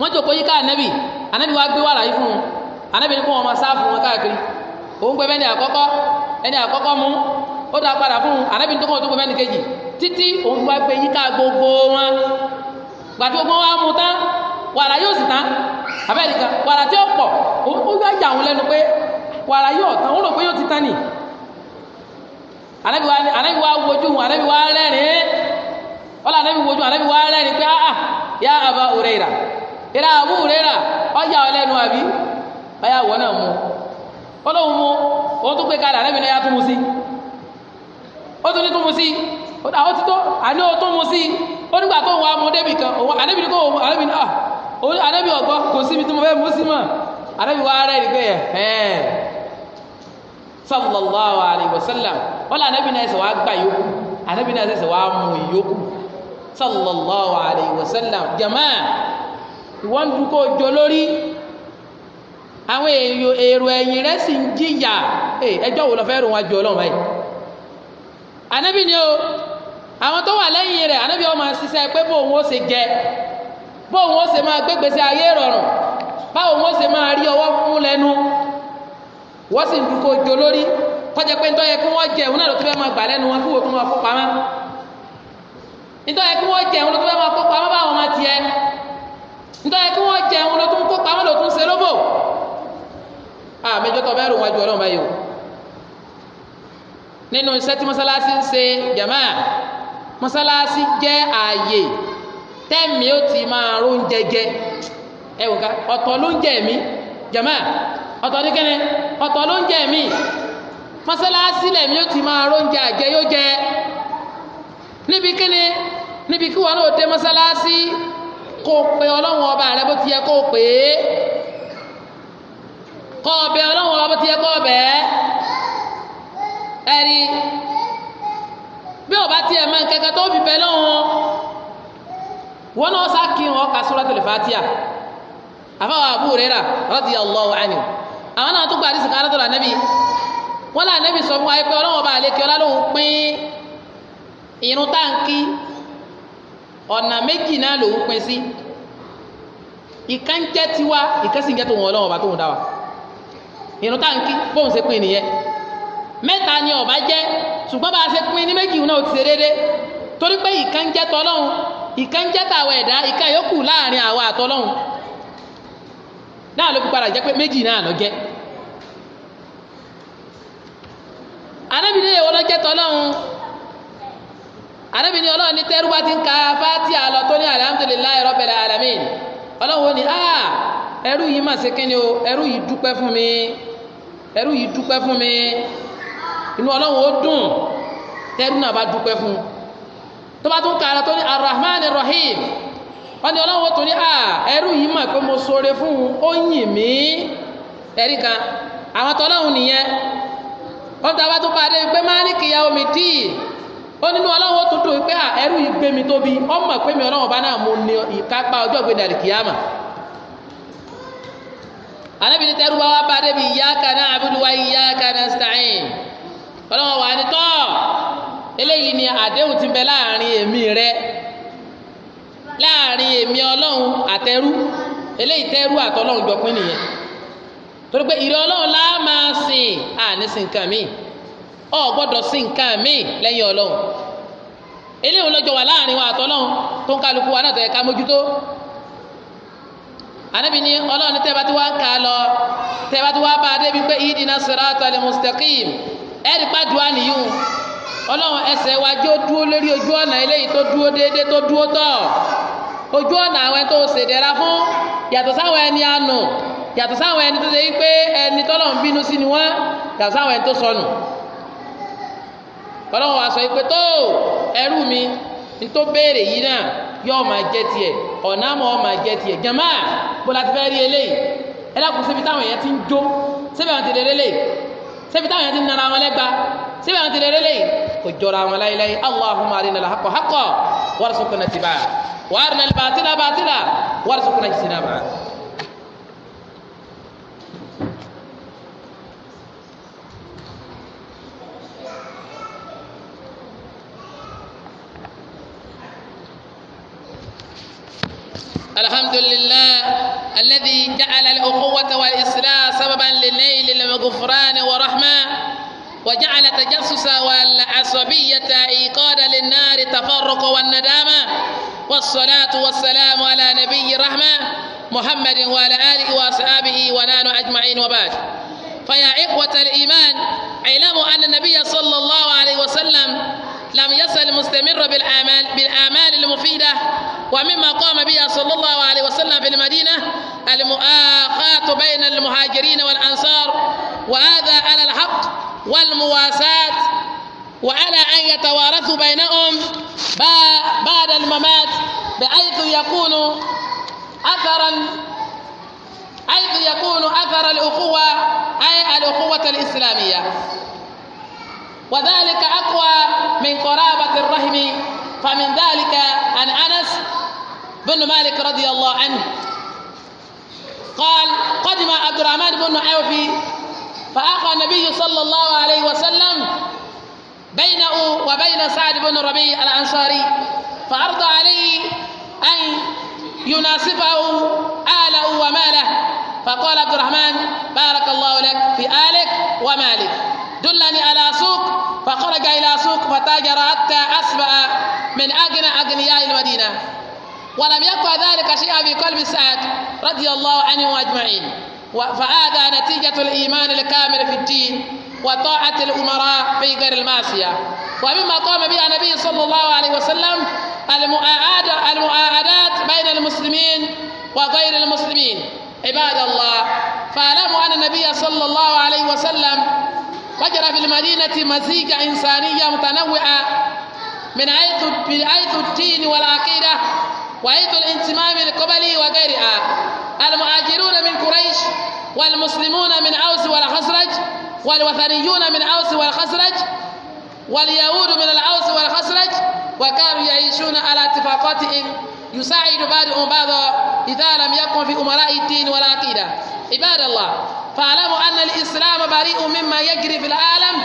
wọn jòkó yíká ànábì ànábì wa gbé wàrà yìí fún wọn ànábì ní kó wọn máa sáàfù wọn káàkiri òun gbé bẹ́ẹ̀ ní àkọ́kọ́ ẹni àkọ́kọ́ mú ó dá padà fún un ànábì ní tó kọ́ gbàtí gbogbo wọn á mu tán wàrà yóò sì tán abẹ́rẹ́ kan wàrà tí ó pọ̀ ó yọ ìyá òun lẹ́nu pé wàrà yóò tán ó rò pé yóò ti tán nì anabi wa anabi wa wojú anabi wa rẹ́rìn-ín wọ́n lọ anabi wojú anabi wa rẹ́rìn-ín pé ah ah yá Aba Huraira ìlà Abu Huraira ọjà ọlẹ́nu àbí ọyà wọ́n náà mu olóhùn mu òun tún gbé kalẹ̀ anabi náà yà tún mu sí ó tún ní tún mu sí ó ti tó àní ó tún mu sí ó nígbà tó ń wá mú débì kan òun anábì kò ah, òun anábì náà òun anábì ọ̀gọ́ kò síbi tí mo fẹ́ mú sí mọ̀ anábì wá rẹ̀ nígbẹ́ yẹ ẹ́ẹ̀ sallallahu alayhi wa sallam wọ́n lé anábì náà ẹsẹ̀ wá gbà yókù anábì náà ẹsẹ̀ wá mú yókù sallallahu alayhi wa sallam jamaa ìwọ́n dúkọ́ òjò lórí àwọn èrò ẹ̀yìn rẹ̀ sì ń jìyà ẹjọ́ wo lọ fẹ́ rò wọn jù ọlọ́run báyìí anábì ni o àwọn tó wà lẹ́yìn rẹ̀ anábì ọmọ ṣiṣẹ́ pé bóun ó ṣe jẹ bóun ó ṣe máa gbégbèsè ayé rọrùn báwọn ó ṣe máa rí ọwọ́ fún lẹ́nu wọ́n sì ń dúkọ́ jo lórí kọjá pé nítorí kí wọ́n jẹ òun náà ló tún fẹ́ máa gbà lẹ́nu wọn kí wọ́n tún máa kó pamọ́ nítorí kí wọ́n jẹ òun ló tún fẹ́ máa kó pamọ́ báwọn máa tiẹ̀ nítorí kí wọ́n jẹ òun ló tún kó pamọ́ ló tún ṣe lóbò àmẹjọ tó bẹ́ẹ̀ rò wọn ju ọlọ́run báyìí o nínú iṣẹ́ tí mọ́sálásí ń ṣe jàmáà mọ́sálásí jẹ́ ààyè tẹ́mi ó ti máa róúnjẹ jẹ ẹ wò ká ọ̀tọ̀ ló ń jẹ mí jàmá ọ̀tọ̀ ní kẹ́ni ọ̀tọ̀ ló ń jẹ mí mọ́sálásí lẹ̀mí ó ti máa róúnjẹ àjẹ yóò jẹ níbi kíni níbi kí wọn náà dé mọ́sálásí kó o pe ọlọ́run ọba rẹ bó ti yẹ kó o pè é kó o ọlọ́run ọba bó ti yẹ kó o bẹ ẹ rí ọba tiẹ̀ máa ń tó fi bẹ́ lọ́wọ́ wọn náà sá kí wọn ka Suratul Fatiha àfàwọn àwọn náà gba àdìsí kan wọn là ànábì sọ fún wa pé ọba bá àlékè ọlá pín irun táǹkì ọ̀nà méjì náà lòun pín sí tiwa ìkan jẹ́ tòun ọlọ́wọ́n bá tóun dá wa irun táǹkì bóun ṣe pín nìyẹn mẹ́ta ni jẹ́ ṣùgbọ́n bá a ṣe pín ní méjì náà ti ṣe déédéé torí pé ìkan jẹ́ ìkan jẹ́ tàwọn ẹ̀dá ìkan yòókù láàrin àwa àtọ́lọ́hun náà ló fi padà jẹ́ pé méjì náà lọ jẹ́ anábìnrin èwo jẹ́ ti ka fáti àlọ́ tó ní alamin ọlọ́run ah ẹrú yìí mà ṣe kíni o ẹrú yìí dúpẹ́ fún mi ẹrú yìí dúpẹ́ fún mi inú ọlọ́run ó dùn tẹ́rù náà bá dúpẹ́ fún un tó bá tún kàrà tó ní arahman rahim wọ́n ní ọlọ́run ó tún ní ẹrú yìí mà pé mo ṣoore fún un ó yìn mí ẹ̀rí kan àwọn tọ́lọ́run nìyẹn wọ́n tó bá tún parí pé máàlìkì ya omi dì ó nínú ọlọ́run ó tún dùn pé ẹrú yìí gbé mi tóbi ọmọ pé mi ọlọ́run bá náà mo ní ìkápá ọjọ́ ọlọ́wọ́n wà ní tọ́ eléyìí ni àdéhùn ti bẹ láàrin èmi rẹ láàrin èmi ọlọ́run àtẹrú eléyìí tẹrú àtọlọ́run jọpin nìyẹn torí pé ìrẹ ọlọ́run lá máa sìn àní sìn nǹkan mi ọ gbọ́dọ̀ sìn nǹkan mi lẹ́yìn ọlọ́run eléyìí lọ́jọ́ wà láàrin wa àtọlọ́run tó ń kálukú wa náà tẹ̀ ká mójútó anabi ni ọlọ́run tẹ́ bá ti wá ń kà á lọ tẹ́ bá ti wá bá a débi pé ìdí náà siratal mustaqim. ẹ̀rí pàdùá nìyún ọlọ́run ẹsẹ̀ wa jẹ́ dúró lórí ojú ọ̀nà eléyìí tó dúró déédéé tó dúró tọ̀ ojú ọ̀nà àwọn tó ṣèdẹ́ra fún yàtọ̀ sáwọn ẹni àánú yàtọ̀ sáwọn ẹni tó ṣe pé ẹni tọ́lọ̀ ń bínú sí ni wọ́n yàtọ̀ sáwọn mi n tó béèrè yìí náà ọ̀nà àmọ́ bó la ti fẹ́ rí سبتا يدين نرام لك سبتا يدين نرام لك خجو رام لك اللهم علينا الحق حقا ورسكنا اتباع وارنا الباطل باطلا ورسكنا اجتنابا الحمد لله الذي جعل الأخوة والإصلاح سببا لليل الغفران ورحمة وجعل تجسس والعصبية إيقادا للنار التفرق والندامة والصلاة والسلام على نبي الرحمة محمد وعلى آله وأصحابه ونان أجمعين وبعد فيا إخوة الإيمان اعلموا أن النبي صلى الله عليه وسلم لم يزل مستمر بالآمال بالآمال المفيدة ومما قام بها صلى الله عليه وسلم في المدينة المؤاخاة بين المهاجرين والأنصار وهذا على الحق والمواساة وعلى أن يتوارثوا بينهم بعد الممات بحيث يكون أثرا حيث يكون أثر الأخوة أي الأخوة الإسلامية وذلك أقوى من قرابة الرحم فمن ذلك عن أنس بن مالك رضي الله عنه قال قدم عبد الرحمن بن عوف فأخى النبي صلى الله عليه وسلم بينه وبين سعد بن ربيع الأنصاري فأرضى عليه أن يناسبه آله وماله فقال عبد الرحمن بارك الله لك في آلك ومالك دلني على فخرج إلى سوق فتاجر حتى أصبح من أغنى أغنياء المدينة ولم يقع ذلك شيئا في قلب سعد رضي الله عنه أجمعين فهذا نتيجة الإيمان الكامل في الدين وطاعة الأمراء في غير المعصية ومما قام به النبي صلى الله عليه وسلم المؤاعدات بين المسلمين وغير المسلمين عباد الله فاعلموا أن النبي صلى الله عليه وسلم فجر في المدينة مزيج إنسانية متنوعة من حيث الدين والعقيدة وحيث الانتماء القبلي وغيرها المهاجرون من قريش والمسلمون من أوس والخزرج والوثنيون من أوس والخزرج واليهود من الأوس والخزرج وكانوا يعيشون على اتفاقاتهم يساعد بعضهم بعضا إذا لم يكن في أمراء الدين والعقيدة عباد الله فاعلموا أن الإسلام بريء مما يجري في العالم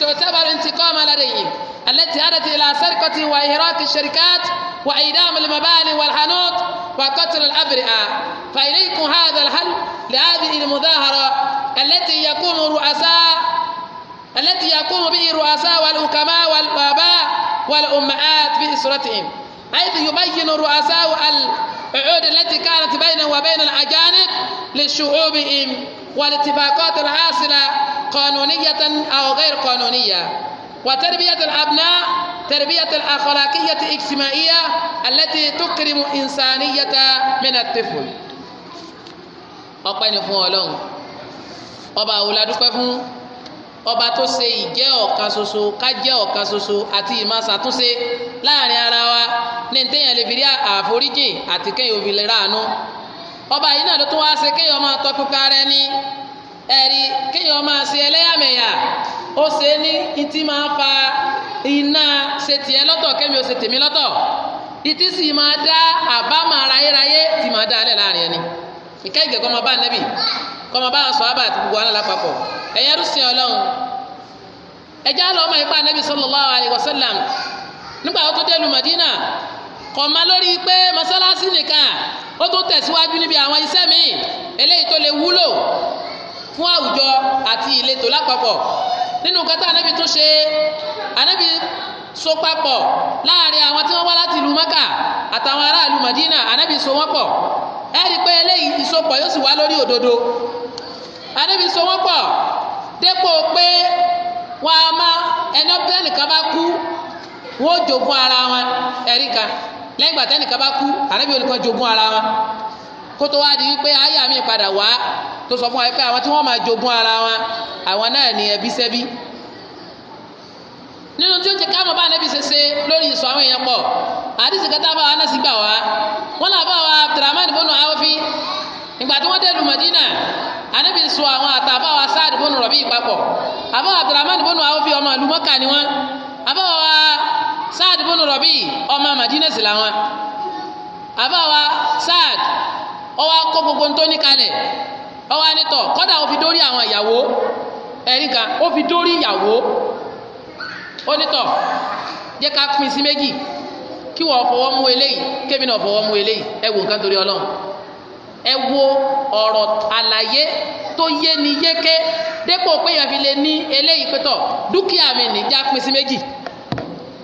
تعتبر انتقاما لديهم التي أدت إلى سرقة وإهراق الشركات وإيدام المباني والحنوط وقتل الأبرئة فإليكم هذا الحل لهذه المظاهرة التي يقوم رؤساء التي يقوم به الرؤساء والحكماء والآباء والأمهات بإسرتهم حيث يبين الرؤساء العود التي كانت بينهم وبين الأجانب لشعوبهم والاتفاقات الحاصلة قانونية أو غير قانونية وتربية الأبناء تربية الأخلاقية الاجتماعية التي تكرم إنسانية من الطفل ọpẹ́ ni fún Ọlọ́run ọba àwòlá dúpẹ́ fún ọba tó ṣe ìjẹ́ ọ̀kan ṣoṣo kájẹ́ ọ̀kan ṣoṣo àti ìmọ̀ṣàtúnṣe láàrin ara wa ní téèyàn lè fi rí àforíjì àti kéèyàn ò lè ráàánú ọba yìí náà ló tún wá ṣe kéèyàn máa tọpinpin ara ẹni ẹ̀rí kéèyàn máa ṣe ẹlẹ́yàmẹ̀yà ó ṣe ní ìtì máa fa iná ṣe tiẹ̀ lọ́tọ̀ kémi ó ṣe tèmi lọ́tọ̀ ìtì sì máa dá àbámọ̀ ráyéráyé tì máa dá alẹ́ láàrin ẹni ìkẹ́ ìgẹ̀ kọ́ máa bá nẹ́bì kọ́ máa bá àwọn sọ̀rọ̀ àti gbogbo alála papọ̀ ẹ̀yẹ rúṣin ọlọ́run ẹ̀já lọ́ ọmọ ìpá nẹ́bì sallallahu alaihi wasallam nígbà tó dé lu Madina kọ̀ máa lórí pé mọ́sálásí nìkan ó tún tẹ̀síwájú níbi àwọn iṣẹ́ míì eléyìí tó lè wúlò fún àwùjọ àti ìletò lápapọ̀ nínú kẹta anábì tún ṣe anábì so papọ̀ láàrin àwọn tí wọ́n wá láti ìlú Mẹ́kà àtàwọn aráàlú Madina anábì so wọ́n pọ̀ ẹ rí i pé eléyìí ìsopọ̀ yóò sì wá lórí òdodo anábì so wọ́n pọ̀ dépò pé wọ́n á máa ẹni ọ́pẹ́ nìkan bá kú wọ́n ó jogún ara wọn ẹ̀rí lẹ́yìn ìgbà tẹ́nìkan bá kú ànábì olùkọ́ jogún ara wọn kótó wá di wípé àyà mi padà wá tó sọ fún wa pé àwọn tí wọ́n máa jogún ara wọn àwọn náà ní ẹbí sẹ́bí nínú tí ó ti ká mọ̀ bá ànábì ṣe ṣe lórí ìsọ àwọn èèyàn pọ̀ àdìsí kẹta bá wa náà sì gbà wá wọn làbá wa Abdurrahman bonu awofi ìgbà tí wọ́n dé lu Madina ànábì sọ àwọn àtàbá wa Saad bonu Rabi papọ̀ àbá Abdurrahman bonu awofi ọmọ àlùmọ́kà Saad bùnú Rọ̀bì ọmọ Madina sì làwọn àbáwa Saad ọwọ́ akọ gbogbo ń tó ní kalẹ̀ ọwọ́ anitọ̀ kọ́dà ó fi dórí àwọn ìyàwó ẹ̀ríkà ó fi dórí ìyàwó onítọ̀ jẹ́ ká pín sí méjì kí wọ́n fọwọ́ mú eléyìí kémi náà fọwọ́ mú eléyìí ẹ wò nǹkan torí Ọlọ́run ẹ wo ọ̀rọ̀ àlàyé tó yé ni yéké dépò pé yẹn fi lè ní eléyìí pẹ́tọ̀ dúkìá mi nìjà pín sí méjì.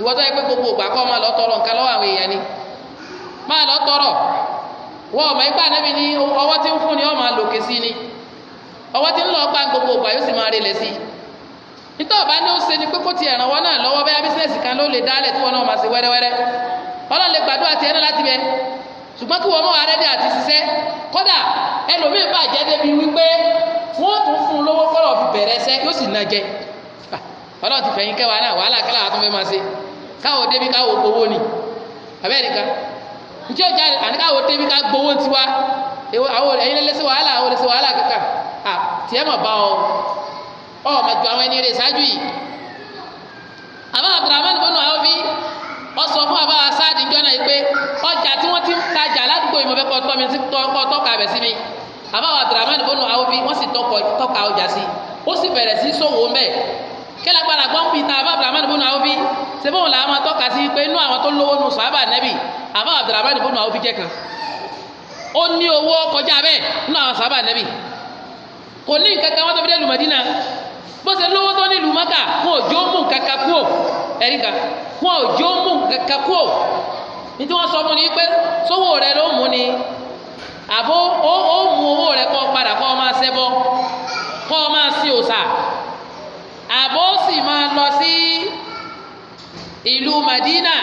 ìwọ tó yẹ pé gbogbo ògbà kọ́ máa lọ tọrọ nǹkan lọ́wọ́ àwọn èèyàn ni máa lọ tọrọ wọ́n ọmọ ipá anábì ní ọwọ́ tí ń fún ni ó máa lòkè sí ni ọwọ́ tí ń lọ gba gbogbo ògbà yóò sì máa relẹ̀ sí i nítorí ọba ní ó ṣe ni pé kó ti ẹ̀ràn wọn náà lọ́wọ́ bẹ́ẹ̀ bísíǹsì kan ló lè dálẹ̀ tí wọn náà máa ṣe wẹ́rẹ́wẹ́rẹ́ ọlọ́run lè gbàdúrà tiẹ̀ náà láti bẹ ṣùgbọ́n kí wọ́n mọ̀ arẹ́dẹ́ àti ṣiṣẹ́ kódà ẹlòmíín bàjẹ́ débi wípé wọ́n tún fún un lówó kọ́lọ̀ fi bẹ̀rẹ̀ ṣẹ́ yóò sì nà jẹ ah, ọlọ́run ti fẹ̀yìn kẹwàá náà wàhálà kẹlẹ́ àwọn tó fẹ́ máa ṣe káwọ débi káwọ gbowó ni abẹ́ nìkan njẹ́ ọjà àti káwọ débi ká gbowó tiwa àwọn ẹ̀yin lẹ́sẹ̀ wàhálà àwọn lẹ́sẹ̀ wàhálà kankan à tiẹ̀ mọ̀ bá ọ ọ mà ju àwọn ẹni rẹ̀ ṣáájú yìí àbá Abdulrahman bọ́nù àwọn fi ọ sọ fún àbá asáàdì ìjọ náà pé ọjà tí wọ́n ti ń tajà ládùúgbò yìí mo fẹ́ kọ́ tọ́ mi kọ́ tọ́ka abẹ̀ sí mi àbá Abdulrahman bọ́nù àwọn fi wọ́n sì tọ́ka ọjà sí ó sì bẹ̀rẹ̀ sí sòwò mẹ́ẹ̀ kẹlẹ agbára gbọ́n fi tan àbá abdulhamani bonu awofi sebo wọn làwọn máa tọ́ka sí pé inú àwọn tó lówó nu sàhábà nẹ́bì àbá abdulhamani bonu awofi jẹ́ kan ó ní owó kọjá bẹ́ẹ̀ inú àwọn sàhábà nẹ́bì kò ní nǹkan kan wọ́n tó fi dé ìlú Mẹdínà bó ṣe lówó tó ní ìlú Mẹ́kà wọn ò jó mú kankan kú ò ẹ̀rí kan wọn ò jó mú kankan kú ò nítorí wọn sọ fún ni pé sówó rẹ ló mú ni àbó ó mú owó rẹ kọ́ padà kọ́ ọ máa ṣẹbọ kọ́ ọ máa sin òòṣà àbó sì máa lọ sí ìlú Madina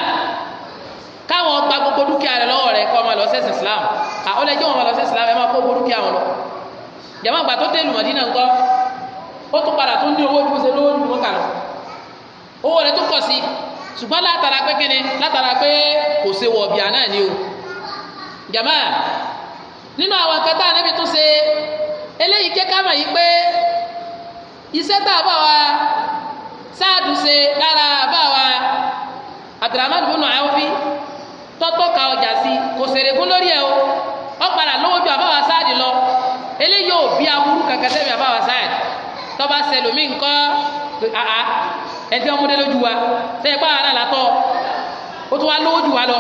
káwọn gba gbogbo dúkìá rẹ lọ́wọ́ rẹ kó máa lọ sí Islam àwọn ọlẹ́jọ́ wọn lọ sí Islam ẹ máa kó gbogbo dúkìá wọn lọ jàmọ́ àgbà tó Madina ńkọ́ ó tún padà tún ní owó ṣe lówó owó rẹ sí o jàmọ́ nínú àwọn kẹta Ànábì tún ṣe eléyìí yìí iṣẹ́ tá a bá wa sáàdù ṣe lára bá wa Abdulrahman bin Awfi tọ́tọ́ ka ọjà sí kò sèrè kún lórí ẹ̀ o ọ̀padà lówó ju àbáwá sáàdì lọ eléyìí ò bí aburú kankan sẹ́mi àbáwá sáàdì tọ́ba sẹlómi ńkọ́ àá ẹ̀dí ọmọdé lójú wa sẹ́yìn pààrọ̀ àlà látọ̀ ó tún wá lówó ju wa lọ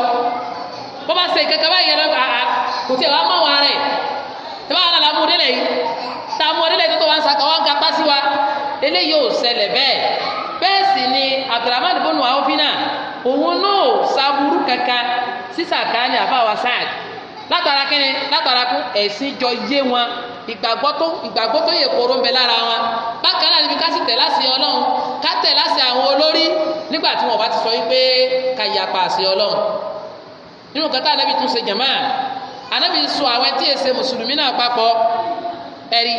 bọ́ba sẹ́yìn kankan báyìí yẹn lọ́kọ̀ àá kò tiẹ̀ wá mọ̀ wọn rẹ̀ tẹ́wọ́ àlà làmúdélẹ̀ yìí sàmú ọdẹlẹ tó tó wá ń sàkà wọn gapá sí wa eléyìí ò ṣẹlẹ̀ bẹ́ẹ̀ bẹ́ẹ̀ sì ni abdulrahman bonu ahofina òun náà sàbúrú kankan sísàkà ní àfàwà sáàd látara kínní látara kún ẹ̀sìn jọ yé wọn ìgbàgbọ́ tó ìgbàgbọ́ tó yẹ kóró ń bẹ lára wọn bákan náà níbi ká sì tẹ̀ láti ọlọ́run ká tẹ̀ láti àwọn olórí nígbà tí wọn bá ti sọ yí pé ká yapa àṣẹ ọlọ́run nínú kẹta anábì tún ṣe jàmáà anábì sọ àwọn tí èsè mùsùlùmí náà papọ̀ ẹ̀rí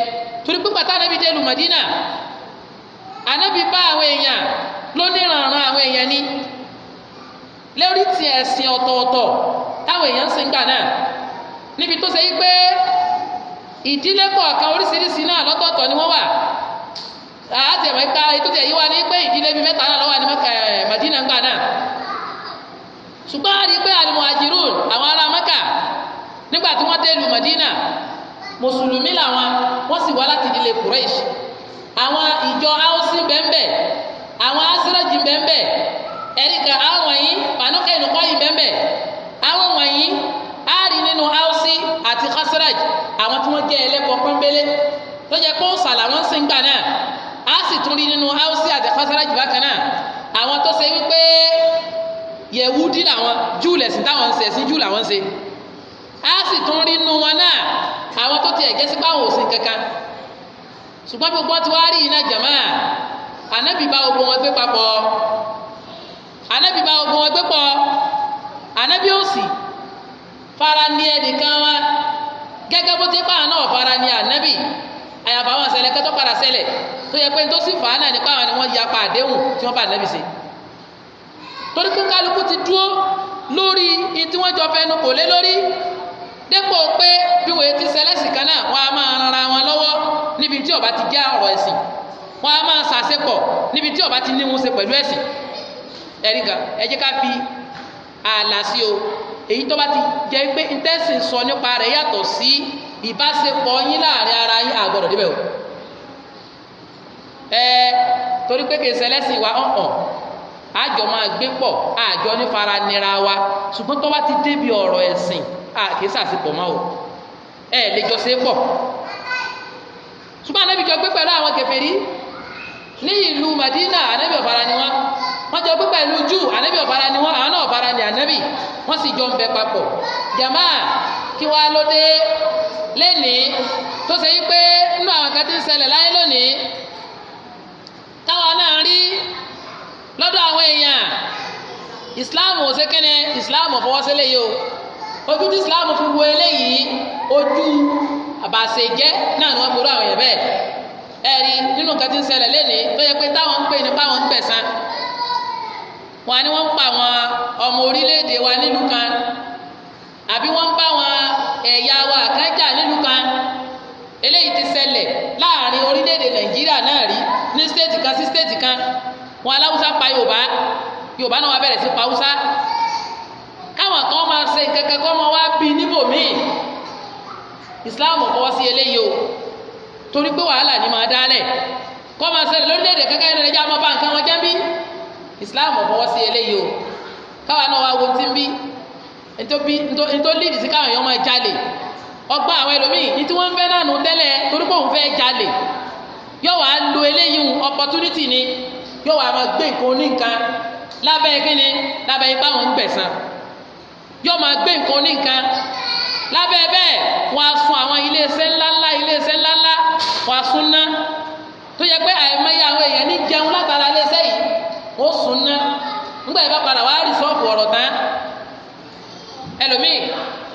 torí pé pàtàkì anábì dé lu Madina anábì bá àwọn èèyàn ló níranran àwọn èèyàn ní lórí ti ẹ̀sìn ọ̀tọ̀ọ̀tọ̀ táwọn èèyàn ń sìn gbà náà níbi tó ṣe yí pé ìdílé kọ̀ọ̀kan oríṣiríṣi náà lọ́tọ̀ọ̀tọ̀ ni wọ́n wà àátẹ̀mọ̀ ká ètò tẹ̀ yí wa ní pé ìdílé bíi mẹ́ta náà ló wà ní Madina gbà náà ṣùgbọ́n a rí i pé al-Muhajirun àwọn ará Mẹ́kà nígbà tí wọ́n dé lu Madina mùsùlùmí làwọn wọ́n sì wá láti ìdílé Quraysh àwọn ìjọ haúsí bẹ́ẹ̀nbẹ́ àwọn asírẹ́jì bẹ́ẹ̀nbẹ́ ẹ̀ríkà àwọn wọ̀nyí pànókè ìnùkọ́ yìí bẹ́ẹ̀nbẹ́ àwọn wọ̀nyí áàrí nínú haúsí àti kásírẹ́jì àwọn tí wọ́n jẹ́ ẹlẹ́kọ̀ọ́ pọ́nbélé tó jẹ́ pé ó sàlà wọ́n sì ń gbà náà á sì tún rí nínú haúsí àti kásírẹ́jì bákan náà àwọn tó ṣe wípé yẹ̀wúdí làwọn júù lẹ̀sìn táwọn ń ṣe ẹ̀sìn júù làwọn ń ṣe á sì tún rí inú wọn náà àwọn tó tiẹ̀ jẹ́ sí pé àwọn ò sìn kankan ṣùgbọ́n gbogbo ti wá rí iná jàmá ànábì bá ogun wọn gbé papọ̀ ànábì bá ogun wọn gbé pọ̀ ànábì ó sì fara ní ẹnìkan wá gẹ́gẹ́ bó ti pààrọ̀ náà fara ní ànábì àyàfà àwọn àṣẹlẹ̀ kẹ́tọ́ padà ṣẹlẹ̀ tó yẹ pé tó sì fà á náà nípa àwọn ni wọ́n ya pa àdéhùn tí wọ́n bá ànábì ṣe torí pé kálukú ti dúró lórí ìtí wọ́n jọ fẹnu kò lé lórí dépò pé bí wọ́n ti sẹlẹ́sì kan náà wọ́n á máa rara wọn lọ́wọ́ níbi tí ọba ti já ọ̀rọ̀ ẹ̀sìn wọ́n á máa sàṣepọ̀ níbi tí ọba ti níhun ṣe pẹ̀lú ẹ̀sìn ẹ̀rí kan ẹ jẹ́ ká fi ààlà sí o èyí tó bá ti jẹ́ pé ntẹ́sì sọ nípa rẹ̀ yàtọ̀ sí ìbáṣepọ̀ yín láàrin ara yín àgbọ̀dọ̀ débẹ̀ o ẹ torí pé kì í sẹlẹ́sìn wa ọ̀hún àjọ máa gbé pọ̀ àjọ nífara nira wa ṣùgbọ́n tó bá ti débi ọ̀rọ̀ ẹ̀sìn àkíyèsí àsìpọ̀ máa wọ̀ ẹ lè jọ ṣe é pọ̀ ṣùgbọ́n anábì jọ gbé pẹ̀lú àwọn kèfèrí ní ìlú Madina anábì ọ̀bára ni wọ́n wọ́n jọ gbé pẹ̀lú jù anábì ọ̀bára ni wọ́n àwọn náà ọ̀bára ni anábì wọ́n sì jọ ń bẹ papọ̀ jama kí wàá lóde lẹ́nìí tó ṣe yí pé nínú àwọn kan tí ń ṣẹlẹ̀ láyé lónìí táwa náà rí lọ́dọ̀ àwọn èèyàn Islam ò ṣe kéne Islam ò fọwọ́ sílẹ̀ yìí o. ojú tí islam fi wo eléyìí ojú àbàṣe jẹ́ náà ni wọ́n fi àwọn yẹn bẹ́ẹ̀ ẹ̀rí nínú nǹkan tí ń ṣẹlẹ̀ tó yẹ pé táwọn ń pè ní wọn ni wọn pa àwọn ọmọ orílẹ̀-èdè wa nínú kan àbí ń bá wa àkájà ti láàrin nàìjíríà náà rí ní stéètì kan sí stéètì kan wọn aláwùsá pa yorùbá yorùbá náà káwọn kan máa ṣe nǹkan kan kọ́ ọmọ wa bí níbòmíì ìsìláàmù fọwọ́ sí eléyìí o torí pé wàhálà ni máa dálẹ̀ kọ́ máa ṣẹlẹ̀ lórílẹ̀‐èdè kankan yẹn lẹ́jà máa bá nǹkan wọn jẹ́ bí ìsìláàmù fọwọ́ sí eléyìí o káwa náà wá wo ti ń bí ntó lídìí sí káwọn èèyàn máa jalè ọgbà àwọn ẹlòmíì ní tí wọ́n ń fẹ́ náà tẹ́lẹ̀ torí pé òun fẹ́ jalè yóò wá lo eléyìí opportunity ni yóò wá máa gbé nǹkan oníǹkan lábẹ́ kí lábẹ́ ipá wọn ń gbẹ̀san yóò máa gbé nǹkan oníkan lábẹ́ bẹ́ẹ̀ wọ́n á sun àwọn iléeṣẹ́ ńláńlá iléeṣẹ́ ńláńlá wọ́n á sun ná tó yẹ pé àìmọye àwọn èèyàn ní jẹun látara iléeṣẹ́ yìí wọ́n sun ná nígbà yìí bá padà rí sọ́ọ̀fù ọ̀rọ̀ tán ẹlòmíì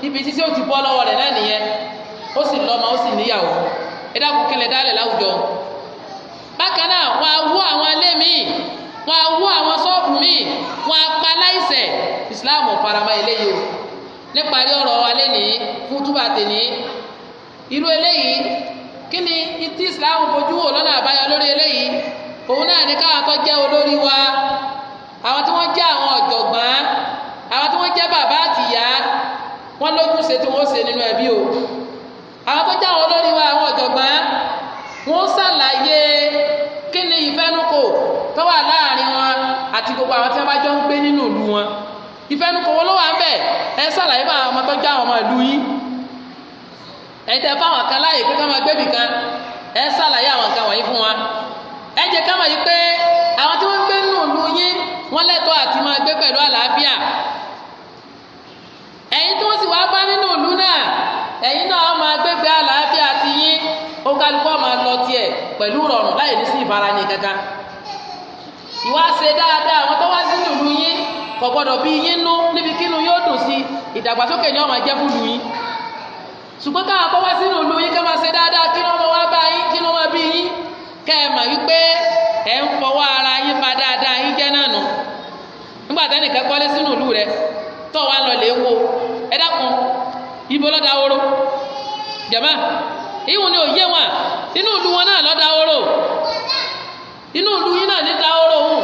ibi títí ó ti bọ́ lọ́wọ́ rẹ̀ náà nìyẹn ó sì lọ́mọ ó sì níyàwó dálẹ̀ láwùjọ wọn á wó àwọn ṣọ́ọ̀bù míì wọn á pa láìsẹ̀ Islam ọ̀farama eléyìí o níparí ọ̀rọ̀ wa lénìí fún túbà tèní irú eléyìí kí ni tí Islam fojú wò lọ́nà àbáyọ lórí eléyìí òun náà ní káwọn tó jẹ́ olórí wa àwọn tí wọ́n jẹ́ àwọn ọ̀jọ̀gbọ́n àwọn tí wọ́n jẹ́ bàbá àtìyá wọ́n lókun ṣe tí wọ́n ṣe nínú ẹbí o àwọn tó jẹ́ àwọn olórí wa àwọn ọ̀jọ̀gbọ́n wọ́n ṣàlàyé kí ni ìfẹ́nukò tó wà láàrin wọn àti gbogbo àwọn tí bá jọ ń gbé nínú ìlú wọn ìfẹ́nukò wọn ló wà ń bẹ̀ ẹ sàlàyé àwọn ọmọ tó já àwọn ọmọ ìlú yín ẹ tẹ kan láàyè pé ká máa kan ẹ sàlàyé àwọn wọ̀nyí fún wa ẹ ká pé àwọn tí wọ́n ń gbé nínú ìlú yín wọ́n lẹ́tọ̀ọ́ àti máa gbé pẹ̀lú àlàáfíà ó kálukú ọmọ lọ tiẹ̀ pẹ̀lú rọrùn láì ní sí ìbára kankan ìwà ṣe dáadáa àwọn tó wá sínú ìlú yín kò gbọdọ̀ bí yín nú níbi kínú yóò dùn sí ìdàgbàsókè ni ọmọ jẹ́ fúlù yín ṣùgbọ́n káwọn kọ́ wá sínú ìlú yín ká máa ṣe dáadáa kí wá bá yín kí bí yín kẹ́ wípé ẹ̀ ń fọwọ́ ara yín pa dáadáa yín jẹ́ nígbà tẹ́ ìwọ̀n ni òye wọn inú ìlú wọn náà lọ́dà oró inú ìlú yín náà níta oró òun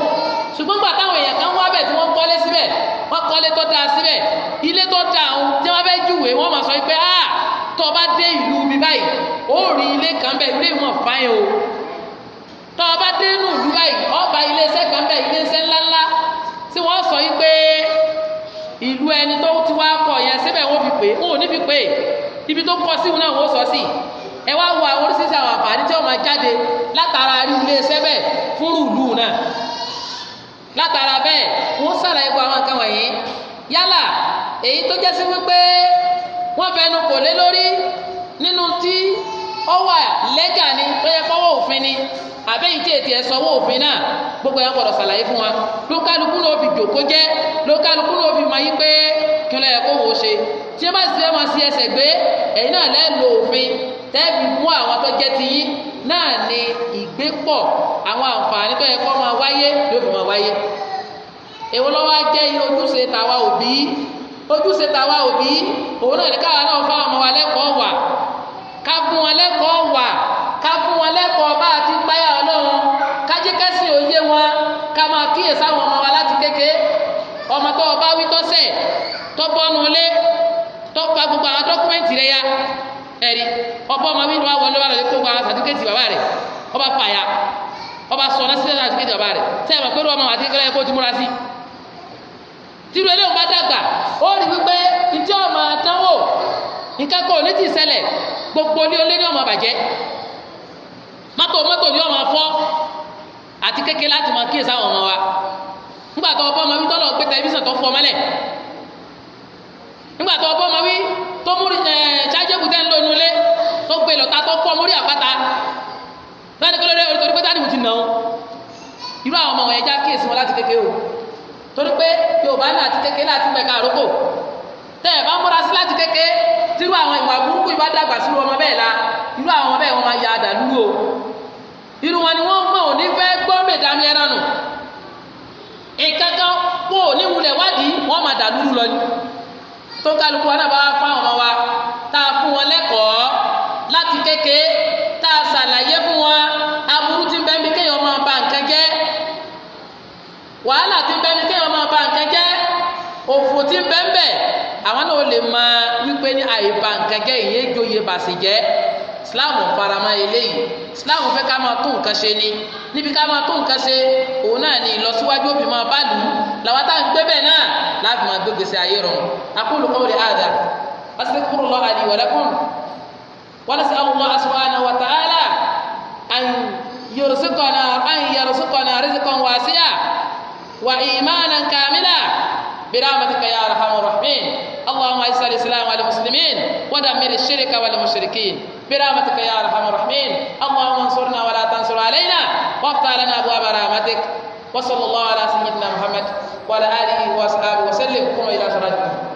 ṣùgbọ́n gbà táwọn èèyàn kan wá bẹ̀ tí wọ́n kọ́lé síbẹ̀ wọ́n kọ́lé tó dáa síbẹ̀ ilé tó dáa òun tí wọ́n fẹ́ júwèé wọ́n máa sọ pé a tó o bá dé ìlú mi báyìí ó rí ilé kan bẹ́ẹ̀ ilé ìwọ̀n fáyìn o tó o bá dé inú ìlú báyìí ọba ilé iṣẹ́ kan bẹ́ẹ̀ ilé ńláńlá tí wọ́n sọ pé ìlú ẹni tó ti wá kọ̀ yẹn síbẹ̀ wọ́n fi pè é wọn ò ní fi pè é ibi tó kọ sí wọn náà wọ́n sọ sí i ẹ wá wo àwọn oríṣiríṣi àwọn àǹfààní tí wọ́n máa jáde látara rí ilé iṣẹ́ bẹ́ẹ̀ fúrú ìlú náà látara bẹ́ẹ̀ wọ́n ṣàlàyé gbogbo àwọn nǹkan wọ̀nyí yálà èyí tó jẹ́ sí wípé wọ́n fẹnu kò lé lórí nínú tí ni tó yẹ òfin ni tí gbogbo ya gbọ́dọ̀ ṣàlàyé fún wa lókàlùkù ló fi jòkó jẹ́ lókàlùkù ló fi máa yí pé kí ló yẹ kó wò ó ṣe tẹ́ẹ̀bì mú àwọn tó jẹ́ ti yín náà ni ìgbépọ̀ àwọn àǹfààní tó yẹ kó máa wáyé ló fi máa wáyé èwo lọ́wọ́ á jẹ́ ojúṣe tàwa òbí ojúṣe tàwa òbí òun náà ní káwa náà fáwọn ọmọ wa lẹ́kọ̀ọ́ wà ká fún wọn lẹ́kọ̀ọ́ wà ká fún wọn lẹ́kọ̀ọ́ bá a ti ọlọ́run òye wọn ká máa kíyè sáwọn ọmọ wa láti kéke ọmọ tó o bá ya ẹ̀rí ọ̀pọ̀ ọmọ bíi wọn lọ́wọ́ lọ́dẹ tó gba sàtífíkẹ́tì bàbá rẹ̀ ọba fàyà ọba sọ faya sílẹ̀ sàtífíkẹ́tì bàbá rẹ̀ sẹ́yìn mọ̀ pé ọmọ àti ìkẹlẹ́ ẹ̀kọ́ ti sí. tìrú bá dàgbà ó rí wípé ìjọ ọmọ àtàwọ̀ nǹkan kan ò ní ti ṣẹlẹ̀ gbogbo ní olé ní ọmọ bàjẹ́ mọ́tò mọ́tò ní ọmọ àti kékeré láti mọ ọmọ nígbà tó ọbọ ọmọ wí tó mú ṣáájẹ́kù tẹ́ ń lò nulẹ̀ tó gbé lọ́ta tó kọ́ mórí àpáta báyìí kọ́ lórí orí torí pé tánìmù ti nà ó irú àwọn ọmọ ẹja kíyèsí wọn láti kékeré o torí pé Yorùbá náà ti kékeré láti mẹ̀ka àrókò tẹ́ ẹ̀ bá múra sí láti kékeré tírú àwọn ìwà burúkú ìwà dàgbà sí ọmọ bẹ́ẹ̀ la irú àwọn bẹ́ẹ̀ wọn máa ya àdàlú o irú wọn ni wọ́n mọ̀ ò ní fẹ́ gbọ́ ẹran nù ìkankan kó ò ní wádìí wọ́n máa dàlúrú lọ ni. tó kálukú wa náà bá wá fún ọmọ wa tá a fún wọn lẹ́kọ̀ọ́ láti kéke tá a ṣàlàyé fún wọn ti bẹ́ẹ̀ mi kéèyàn máa ba nǹkan jẹ́ ti bẹ́ẹ̀ mi kéèyàn máa ba nǹkan òfò ti bẹ́ẹ̀ bẹ́ẹ̀ àwọn náà lè máa wípé ní àìbá nǹkan ìyẹn jóye bàṣẹ islam farama eléyìí islam fẹ́ ká máa tó nǹkan ṣe ni níbi ká máa tó nǹkan ṣe òun náà ni ìlọsíwájú òbí máa bá lù ú làwọn táwọn gbé bẹ́ẹ̀ náà láti máa gbé gbèsè ayé rọrùn aqulu qawli hadha astaghfirullaha li wa lakum wa nas'alullaha subhanahu wa ta'ala an yarzuqana an yarzuqana rizqan wasi'a wa imanan kamila برحمتك يا ارحم الراحمين اللهم اعز الاسلام والمسلمين ودمر الشرك والمشركين برحمتك يا ارحم الراحمين اللهم انصرنا ولا تنصر علينا وافتح لنا ابواب رحمتك وصلى الله على سيدنا محمد وعلى اله واصحابه وسلم قوموا الى صلاتكم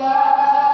Yeah.